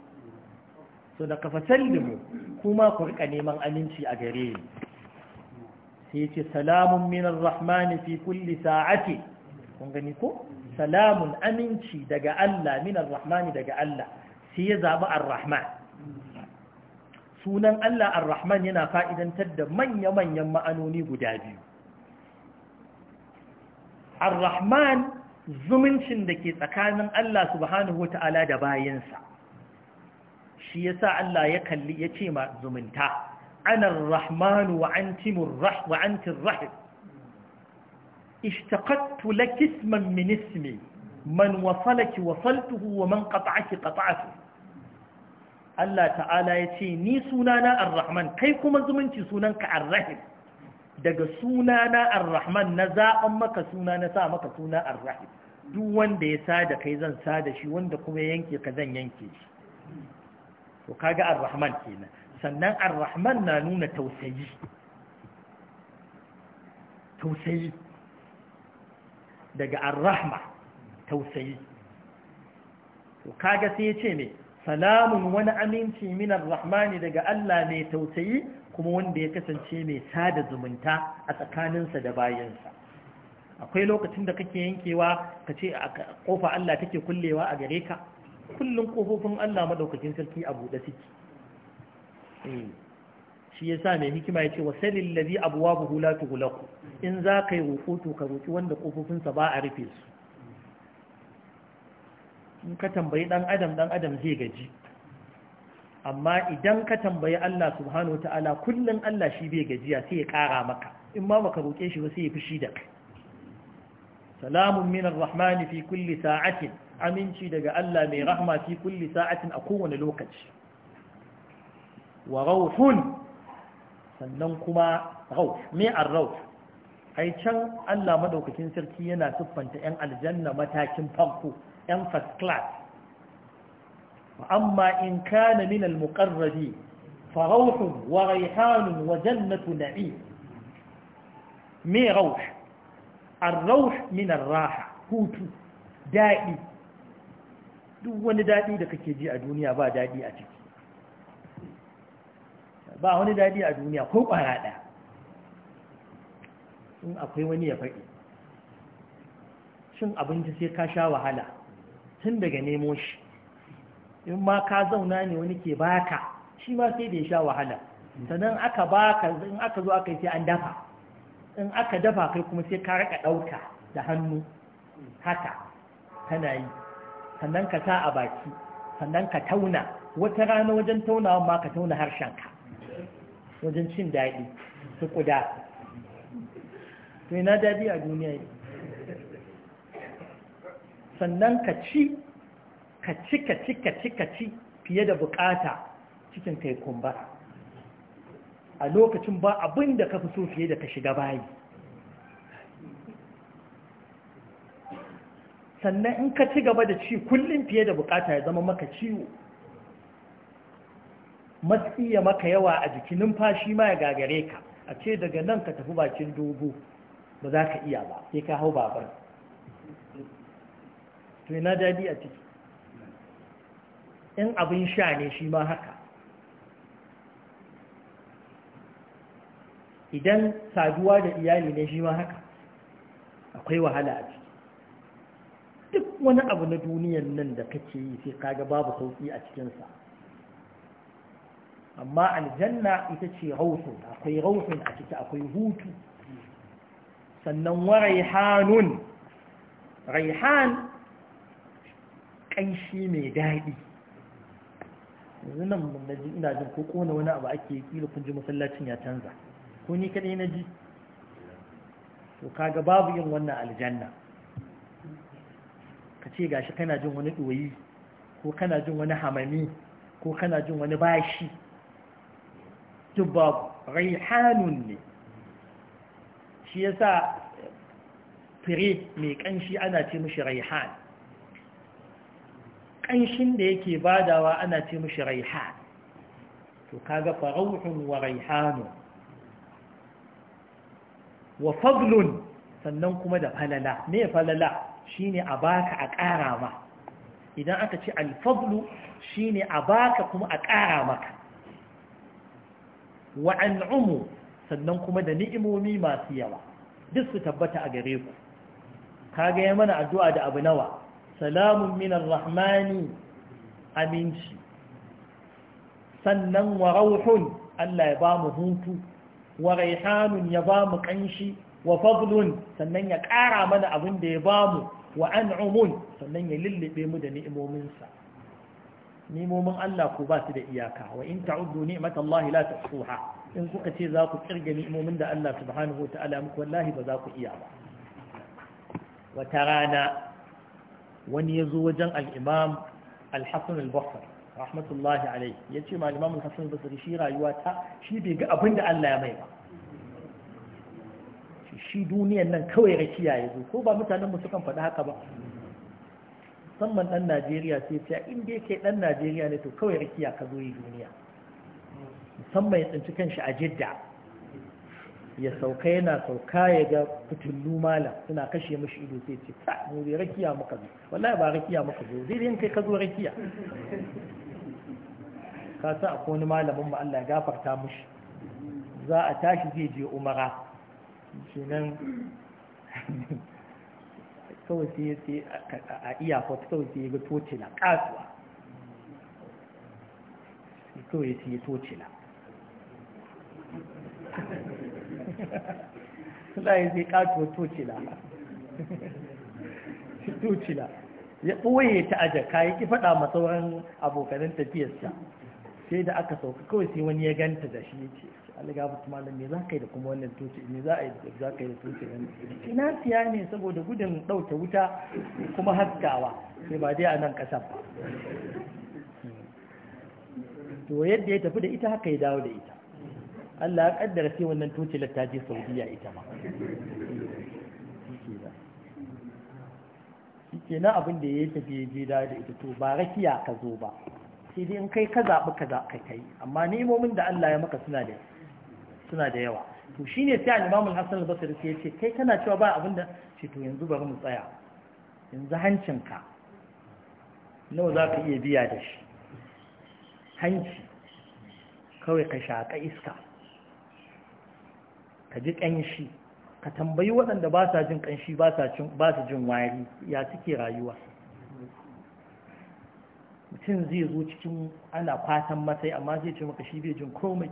Speaker 1: so da kafa sallimu kuma ku rika neman aminci a gare ni sai ce salamun minar rahmani fi kulli sa'ati kun gani ko salamun aminci daga Allah minar rahmani daga Allah sai ya zaɓi ar-rahman sunan Allah ar-rahman yana fa'idantar da manya-manyan ma'anoni guda biyu ar-rahman zumuncin da ke tsakanin Allah subhanahu wa ta'ala da bayansa shi yasa Allah ya kalli ya ce ma zumunta anar rahmanu wa antimur rahim ishtaqattu laki isman min man wasalaki wasaltuhu wa man qata'aki qata'atu Allah ta'ala ya ce ni sunana ar-rahman kai kuma zumunci sunanka an rahim daga sunana ar-rahman na zaɓan maka suna na sa maka suna an rahim duk wanda ya sada kai zan sa da shi wanda kuma yanke ka zan yanke shi to kaga ar-rahman kenan sannan ar-rahman na nuna tausayi tausayi daga ar-rahma tausayi to kaga sai ya ce me salamun wani aminci min ar-rahmani daga Allah mai tausayi kuma wanda ya kasance mai sada zumunta a tsakaninsa da bayansa akwai lokacin da kake yankewa kace a kofa Allah take kullewa a gare ka kullum kofofin Allah maɗaukakin sarki a buɗe suke eh, shi yasa mai hikima ya ce wa abu ladhi abwabuhu la tughlaqu in za ka yi rukutu ka roki wanda kofofinsa ba a rufe su in ka tambayi ɗan adam ɗan adam zai gaji amma idan ka tambayi Allah subhanahu wa ta'ala kullum Allah shi bai gajiya sai ya kara maka in ma baka roke shi ba sai ya fushi da kai salamun minar rahmani fi kulli sa'atin aminci daga Allah mai rahma fi kulli sa'atin a kowane lokaci wa rauhun sannan kuma rauh me ar rauh ai can Allah madaukakin sarki yana siffanta yan aljanna matakin farko yan first class amma in kana min al muqarrabi fa rauhun wa rayhanun wa jannatu na'im me rauh ar rauh min ar raha hutu daɗi duk wani daɗi da kake ji a duniya ba daɗi a ciki ba wani daɗi a duniya ko ƙwara ɗaya in akwai wani ya faɗi cin abinci sai ka sha wahala tun daga nemo shi in ma ka zauna ne wani ke baka shi ma sai da ya sha wahala sannan aka baka in aka zo aka yi sai an dafa in aka dafa kai kuma sai ka raka ɗauka da hannu haka kana yi sannan ka sa a baki sannan ka tauna wata rana wajen taunawa ma ka tauna harshenka wajen cin daɗi su ƙuda to ina daɗi a duniya sannan ka ci ka ci ka ci ka ci ka ci fiye da bukata cikin kai kumbara a lokacin ba abin da ka fi so fiye da ka shiga bayi sannan in ka ci gaba da ci kullum fiye da bukata ya zama maka ciwo matsi maka yawa a jiki numfashi ma ya gagare ka a ce daga nan ka tafi bakin dogo ba za ka iya ba sai ka hau babar to ina daɗi a ciki in abin sha ne shi ma haka idan saduwa da iyali ne shi ma haka akwai wahala a ciki wani abu na duniyan nan da kake yi sai kaga babu sauki a cikinsa amma aljanna ita ce rausun akwai rausun a ciki akwai hutu sannan wa raihanun raihan ƙanshi mai daɗi yanzu nan ina jin ko kona wani abu ake yi, kila kun ji masallacin ya canza ko ni kaɗai na ji to kaga babu yin wannan aljanna ka ce gashi kana jin wani ɗoyi ko kana jin wani hamami ko kana jin wani bashi Dubab raihanun ne shi yasa fire mai kanshi ana ce mishi raihan kanshin da yake badawa ana ce mishi raihan to kaga farauhun wa raihanu wa fadlun sannan kuma da falala me falala shine a baka a ƙara ma idan aka ce shi shine a baka kuma a ƙara maka wa an'umu sannan kuma da ni'imomi masu yawa duk su tabbata a gare ku Ka gaya mana addu'a da abu nawa salamun minar rahmani aminci sannan wa rauhun Allah ya ba mu hutu wa raihanun ya ba mu ƙanshi wa fadlun sannan ya ƙara mana abin da ya ba mu wa umun sannan ya lullube mu da ni'imominsa ni'imomin Allah ko ba su da iyaka wa in ta'uddu ni'matallahi la tuhsuha in kuka ce za ku kirga ni'imomin da Allah subhanahu wa ta'ala muku wallahi ba za ku iya ba wata rana wani ya zo wajen al-imam al-hasan al-basri rahmatullahi alayhi yace ma al al-hasan al-basri shi rayuwa ta shi bai ga abin da Allah ya mai ba shi duniyan nan kawai rakiya ya zo ko ba mutanenmu sukan faɗi haka ba musamman ɗan najeriya sai ta in dai kai ɗan najeriya ne to kawai rakiya ka zo yi duniya musamman ya tsinci kanshi a jidda ya sauka yana sauka ya ga fitullu malam suna kashe mashi ido sai ce ta mu dai rakiya muka zo wallahi ba rakiya muka zo zai dai kai ka zo rakiya ka sa akwai wani malamin mu Allah ya gafarta mishi. za a tashi zai je umara kenan kawai sai sai a iyakot kawai sai ga tocila kasuwa kawai sai ya tocila za a yi sai kasuwa tocila tocila ya ɓoye ta jaka ya ki faɗa ma sauran abokanin tafiyarsa sai da aka sauka kawai sai wani ya ganta da shi ya ce Allah ga fata me za ka yi da kuma wannan toci me za a yi da za ka yi da toci ina siya ne saboda gudun ɗauke wuta kuma haskawa sai ba dai a nan ƙasar ba to yadda ya tafi da ita haka ya dawo da ita Allah ya kaddara sai wannan tocilar ta je Saudiya ita ma shike na abin da ya tafi ya je dawo da ita to ba rakiya ka zo ba sai dai in kai ka zaɓi ka zaɓi kai amma nemomin da Allah ya maka suna da suna da yawa to shine sai al-Imam al-Hasan al-Basri sai yace kai kana cewa ba abin da ce to yanzu bari mu tsaya yanzu hancinka nawa za ka iya biya da shi hanci kawai ka shaka iska ka ji ƙanshi ka tambayi waɗanda ba sa jin ƙanshi ba sa jin wari ya suke rayuwa mutum zai zo cikin ana fatan matsayi amma zai ce maka shi bai jin komai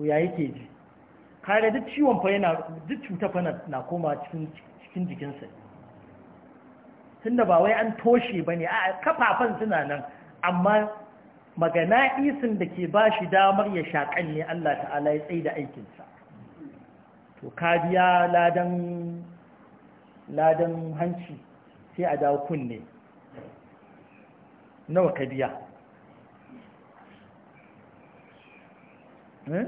Speaker 1: to ya yake ji kare duk ciwon fa yana duk cuta fa na koma cikin jikinsa tunda ba wai an toshe ba ne a kafafan suna nan amma magana isin da ke ba shi damar ya shaƙan ne Allah ta'ala ya tsaye da aikinsa to kariya ladan ladan hanci sai a dawo kunne nawa ka biya eh?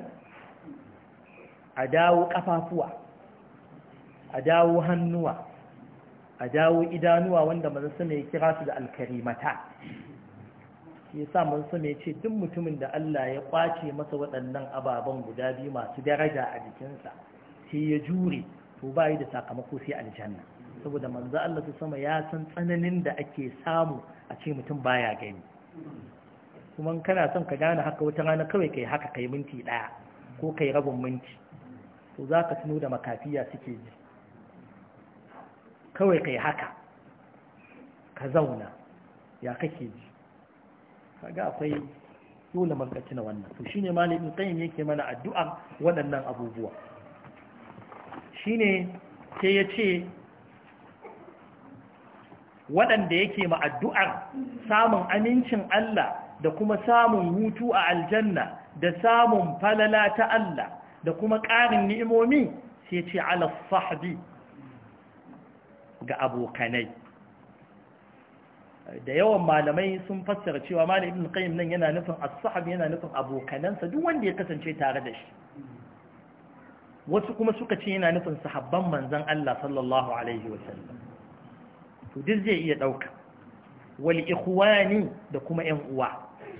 Speaker 1: a dawo kafafuwa, a dawo hannuwa a dawo idanuwa wanda manzansa mai kira su da alkarimata ya sa manzansa mai ce duk mutumin da Allah ya kwace masa waɗannan ababen guda biyu masu daraja a jikinsa sai ya jure to ba yi da sakamako sai aljanna saboda manzo Allah su sama ya san tsananin da ake samu a ce mutum baya gani kuma kana son ka gane haka wata rana kawai kai haka kai minti ɗaya ko kai rabin minti to za ka tuno da makafiya suke ji kawai kai haka ka zauna ya kake ji kaga akwai dole malkaci na wannan to shine malamin qayyim yake mana addu'a waɗannan abubuwa shine ke ya ce waɗanda yake ma addu'ar samun amincin Allah da kuma samun hutu a aljanna da samun falala ta Allah da kuma ƙarin ni'imomi sai ce ala sahbi ga abokanai da yawan malamai sun fassara cewa malam ibn qayyim nan yana nufin as-sahabi yana nufin abokanansa duk wanda ya kasance tare da shi wasu kuma suka ce yana nufin sahabban manzon Allah sallallahu alaihi wasallam to zai iya dauka wal ikhwani da kuma ƴan uwa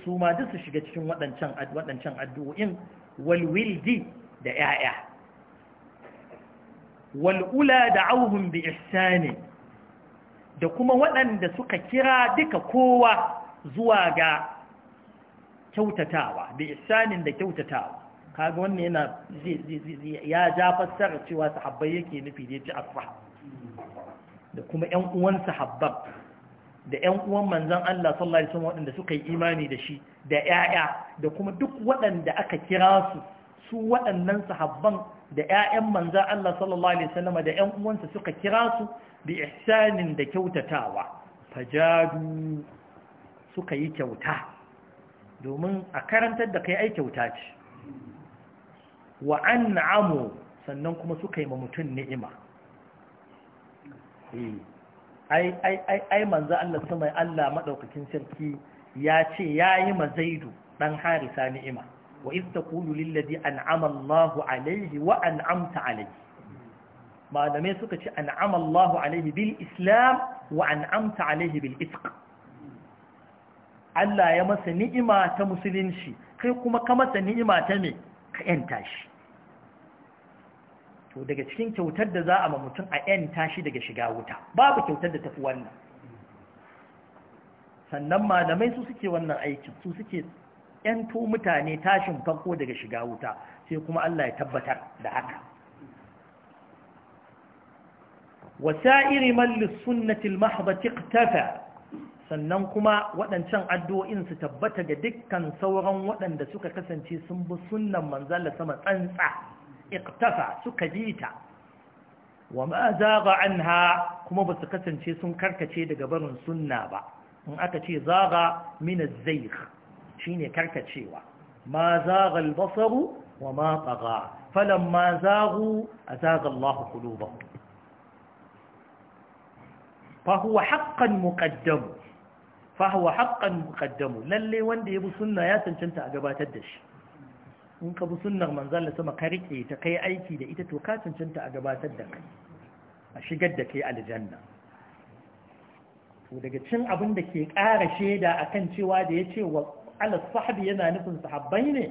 Speaker 1: su ma duk su shiga cikin waɗancan waɗancan addu'o'in wal da ‘ya'ya wal'ula da auhun bi ne, da kuma waɗanda suka kira duka kowa zuwa ga kyautatawa bi da kyautatawa kaga wannan yana ya ja fassara cewa sahabbai yake nufi da ya ci asfa da kuma ‘yan sahabban da ‘yan uwan manzan Allah sallallahu Alaihi waɗanda suka yi imani da shi da ‘ya'ya da kuma duk waɗanda aka kira su su waɗannan sahabban da 'ya'yan manza Allah sallallahu alaihi wasallama da 'yan uwansa suka kira su bi ihsanin da kyautatawa fajadu suka yi kyauta domin a karantar da kai ai kyauta ce wa amo sannan kuma suka yi ma mutum ni'ima eh, ai ai Allah sama Allah maɗaukakin sarki ya ce ya yi ma zaidu ɗan harisa ni'ima wa iz taqulu lil ladhi an'ama Allahu alayhi wa an'amta alayhi malamai suka ci an'ama Allahu alayhi bil islam wa an'amta alayhi bil Allah ya masa ni'ima ta musulunci kai kuma ka masa ni'ima ta me ka yanta shi to daga cikin kyautar da za a ma mutum a yanta shi daga shiga wuta babu kyautar da tafi wannan sannan malamai su suke wannan aikin su suke yanto mutane tashin farko daga shiga wuta sai kuma Allah ya tabbatar da haka wasa'iri mallis sunnatil mahbati iktafa sannan kuma waɗancan addu'o'in su tabbata ga dukkan sauran waɗanda suka kasance sun bi sunnan manzala sama tsantsa iktafa suka jita wa ma zaga anha kuma ba su kasance sun karkace daga barin sunna ba in aka ce zaga min az-zaykh shine karkacewa ma zagha al-basaru wa ma falon falamma zaghu azagha Allah qulubahum fa huwa haqqan muqaddam fa huwa haqqan muqaddam lalle wanda yabi sunna ya cancanta a gabatar da shi in ka bi sunnar manzon sama ka riƙe ta kai aiki da ita to ka cancanta a gabatar da kai a shigar da kai aljanna to daga cin abin da ke ƙara shaida akan cewa da ya ce wa ala sahabi yana nufin sahabbai ne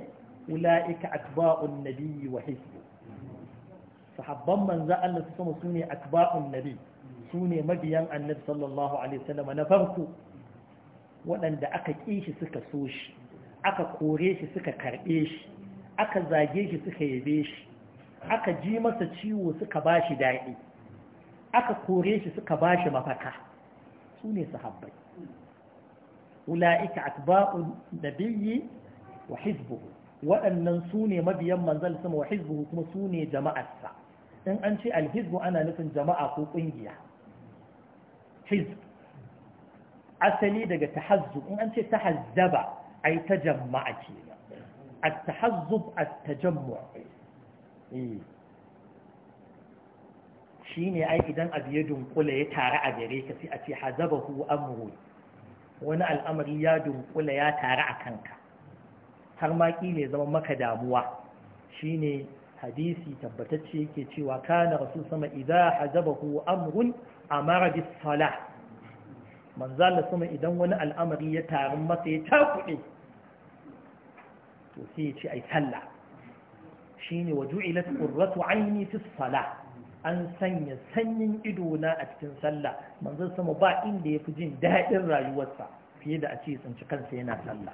Speaker 1: ula'ika atba'un nabi wa hizbu sahabban manzo Allah su sama sune atba'un nabi sune mabiyan annabi sallallahu alaihi wasallam na farko waɗanda aka ƙi shi suka so shi aka kore shi suka karɓe shi aka zage shi suka yabe shi aka ji masa ciwo suka ba shi daɗi aka kore shi suka ba shi mafaka su ne sahabbai ula'ika atba'un nabiyyi wa hizbuhu waɗannan su ne mabiyan manzal sama wa hizbuhu kuma su ne jama'arsa in an ce alhizbu ana nufin jama'a ko ƙungiya hizb asali daga tahazzu in an ce tahazzaba ai ta jama'a ce at-tahazzub at-tajammu shine ai idan abu ya dunkule ya tare a gare ka sai a ce hazabahu amru wani al'amari ya dunkula ya taru a kanka har ma ya zama maka damuwa shine hadisi tabbatacce yake cewa kana rasu sama idza hazabahu amrun amara bis salah manzo sama idan wani al'amari ya taru masa ya takuɗe to sai ya ce ai sallah shine waju'ilat qurratu aini fi fala. an sanya sanyin ido na a cikin sallah manzon sama ba inda ya fi jin daɗin rayuwarsa fiye da a ce tsinci kansa yana sallah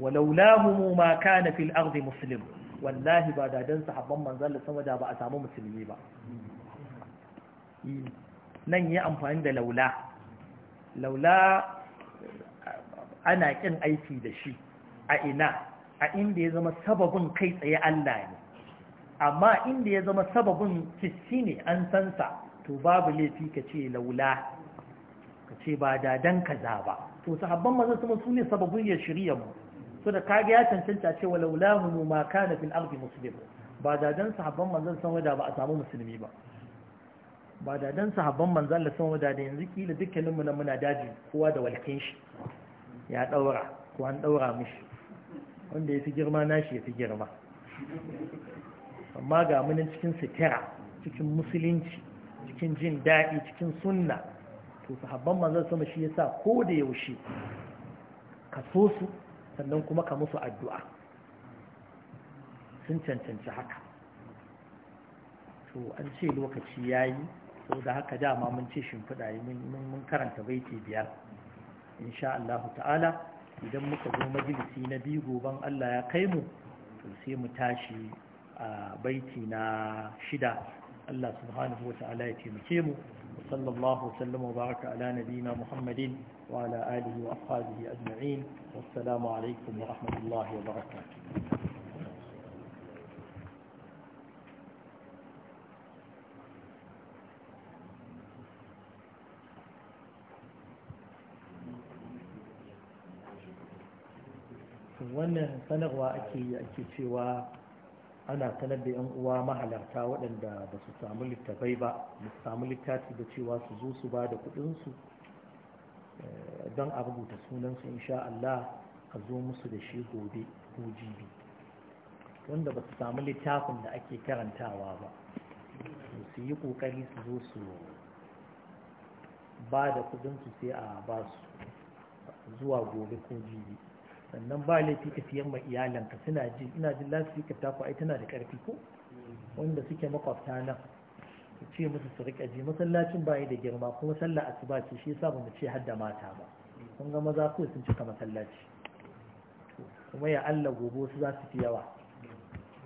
Speaker 1: walaulahu ma kana fil ardi muslim wallahi ba da dan sahabban manzon sama da ba a samu musulmi ba nan ya amfani da laula laula ana kin aiki da shi a ina a inda ya zama sababin kai tsaye Allah ne amma inda ya zama sababin fiski ne an sansa, to babu laifi ka ce laula ka ce ba dadan kaza ba to sahabban maza su su ne sababin ya shirya mu so da kage ya cancanta cewa laula mu ma kana fil ardi muslim ba dadan sahabban manzon san wada ba a samu musulmi ba ba dadan sahabban manzon Allah san wada da yanzu kila dukkanin mu muna daji kowa da walkin shi ya daura ko an daura mishi wanda ya fi girma nashi ya fi girma amma ga munin cikin sitira cikin musulunci cikin jin daɗi cikin sunna to sahabban manzon sama shi yasa ko da yaushe ka so su sannan kuma ka musu addu'a sun cancanci haka to an ce lokaci yayi da haka dama mun ce shimfiɗa mun karanta baiti biyar insha Allah ta'ala idan muka zo majalisi na biyu goban Allah ya kai mu to sai mu tashi a baiti na shida Allah subhanahu wa ya taimake mu sallallahu sallama wa muhammadin wa alihi wa ajma'in wassalamu alaikum wa wannan sanarwa ake yi cewa ana sanar da 'yan uwa mahalarta waɗanda ba su samu littafai ba ba su samu littafi da cewa su zo su ba da kuɗinsu eh, don a rubuta sunansu in sha Allah a zo musu da shi gobe ko jibi wanda ba su samu littafin da ake karantawa ba su yi ƙoƙari su zo su ba da kuɗinsu sai a ba su zuwa gobe ko jibi sannan ba laifi ka siyan ma iyalanka suna ji ina jin lafi ka tafi ai tana da karfi ko wanda suke makwabta nan ku ce musu su rika ji masallacin bayi da girma kuma sallah asuba ce shi yasa ba mu ce hadda mata ba kun ga maza ko sun cika masallaci kuma ya Allah gobe su za su fi yawa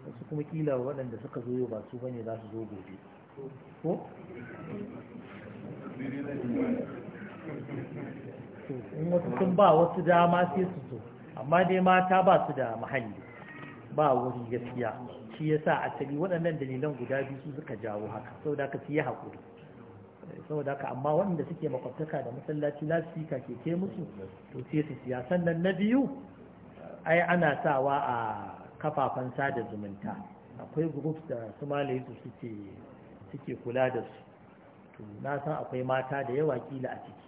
Speaker 1: wasu kuma kila waɗanda suka zo yau ba su bane za su zo gobe ko
Speaker 2: in wasu sun ba
Speaker 1: wasu dama sai su zo amma dai mata ba su da mahalli ba wuri gaskiya shi ya sa a asali waɗannan dalilan guda biyu su suka jawo haka sau da ka fiye haƙuri sau da haka amma waɗanda suke makwabtaka da masallaci lasika keke musu to sai su siya sannan na biyu ai ana sawa a kafafen sada zumunta akwai groups da su malayi su suke kula da su to na san akwai mata da yawa kila a ciki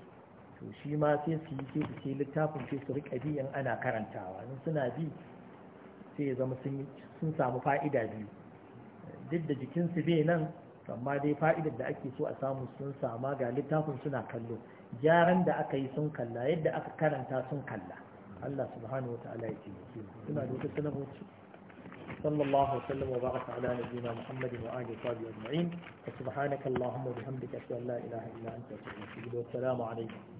Speaker 1: to shi ma sai su yi sai su sai littafin sai su riƙa bi in ana karantawa in suna bi sai ya zama sun samu fa'ida biyu duk da jikinsu bai nan amma dai fa'idar da ake so a samu sun sama ga littafin suna kallo gyaran da aka yi sun kalla yadda aka karanta sun kalla Allah subhanahu wa ta'ala ya taimake mu suna da wata sanabu. sallallahu alaihi wa baraka ala nabiyyina muhammadin wa alihi wa sahbihi ajma'in subhanaka allahumma wa bihamdika ashhadu an la ilaha illa anta astaghfiruka wa atubu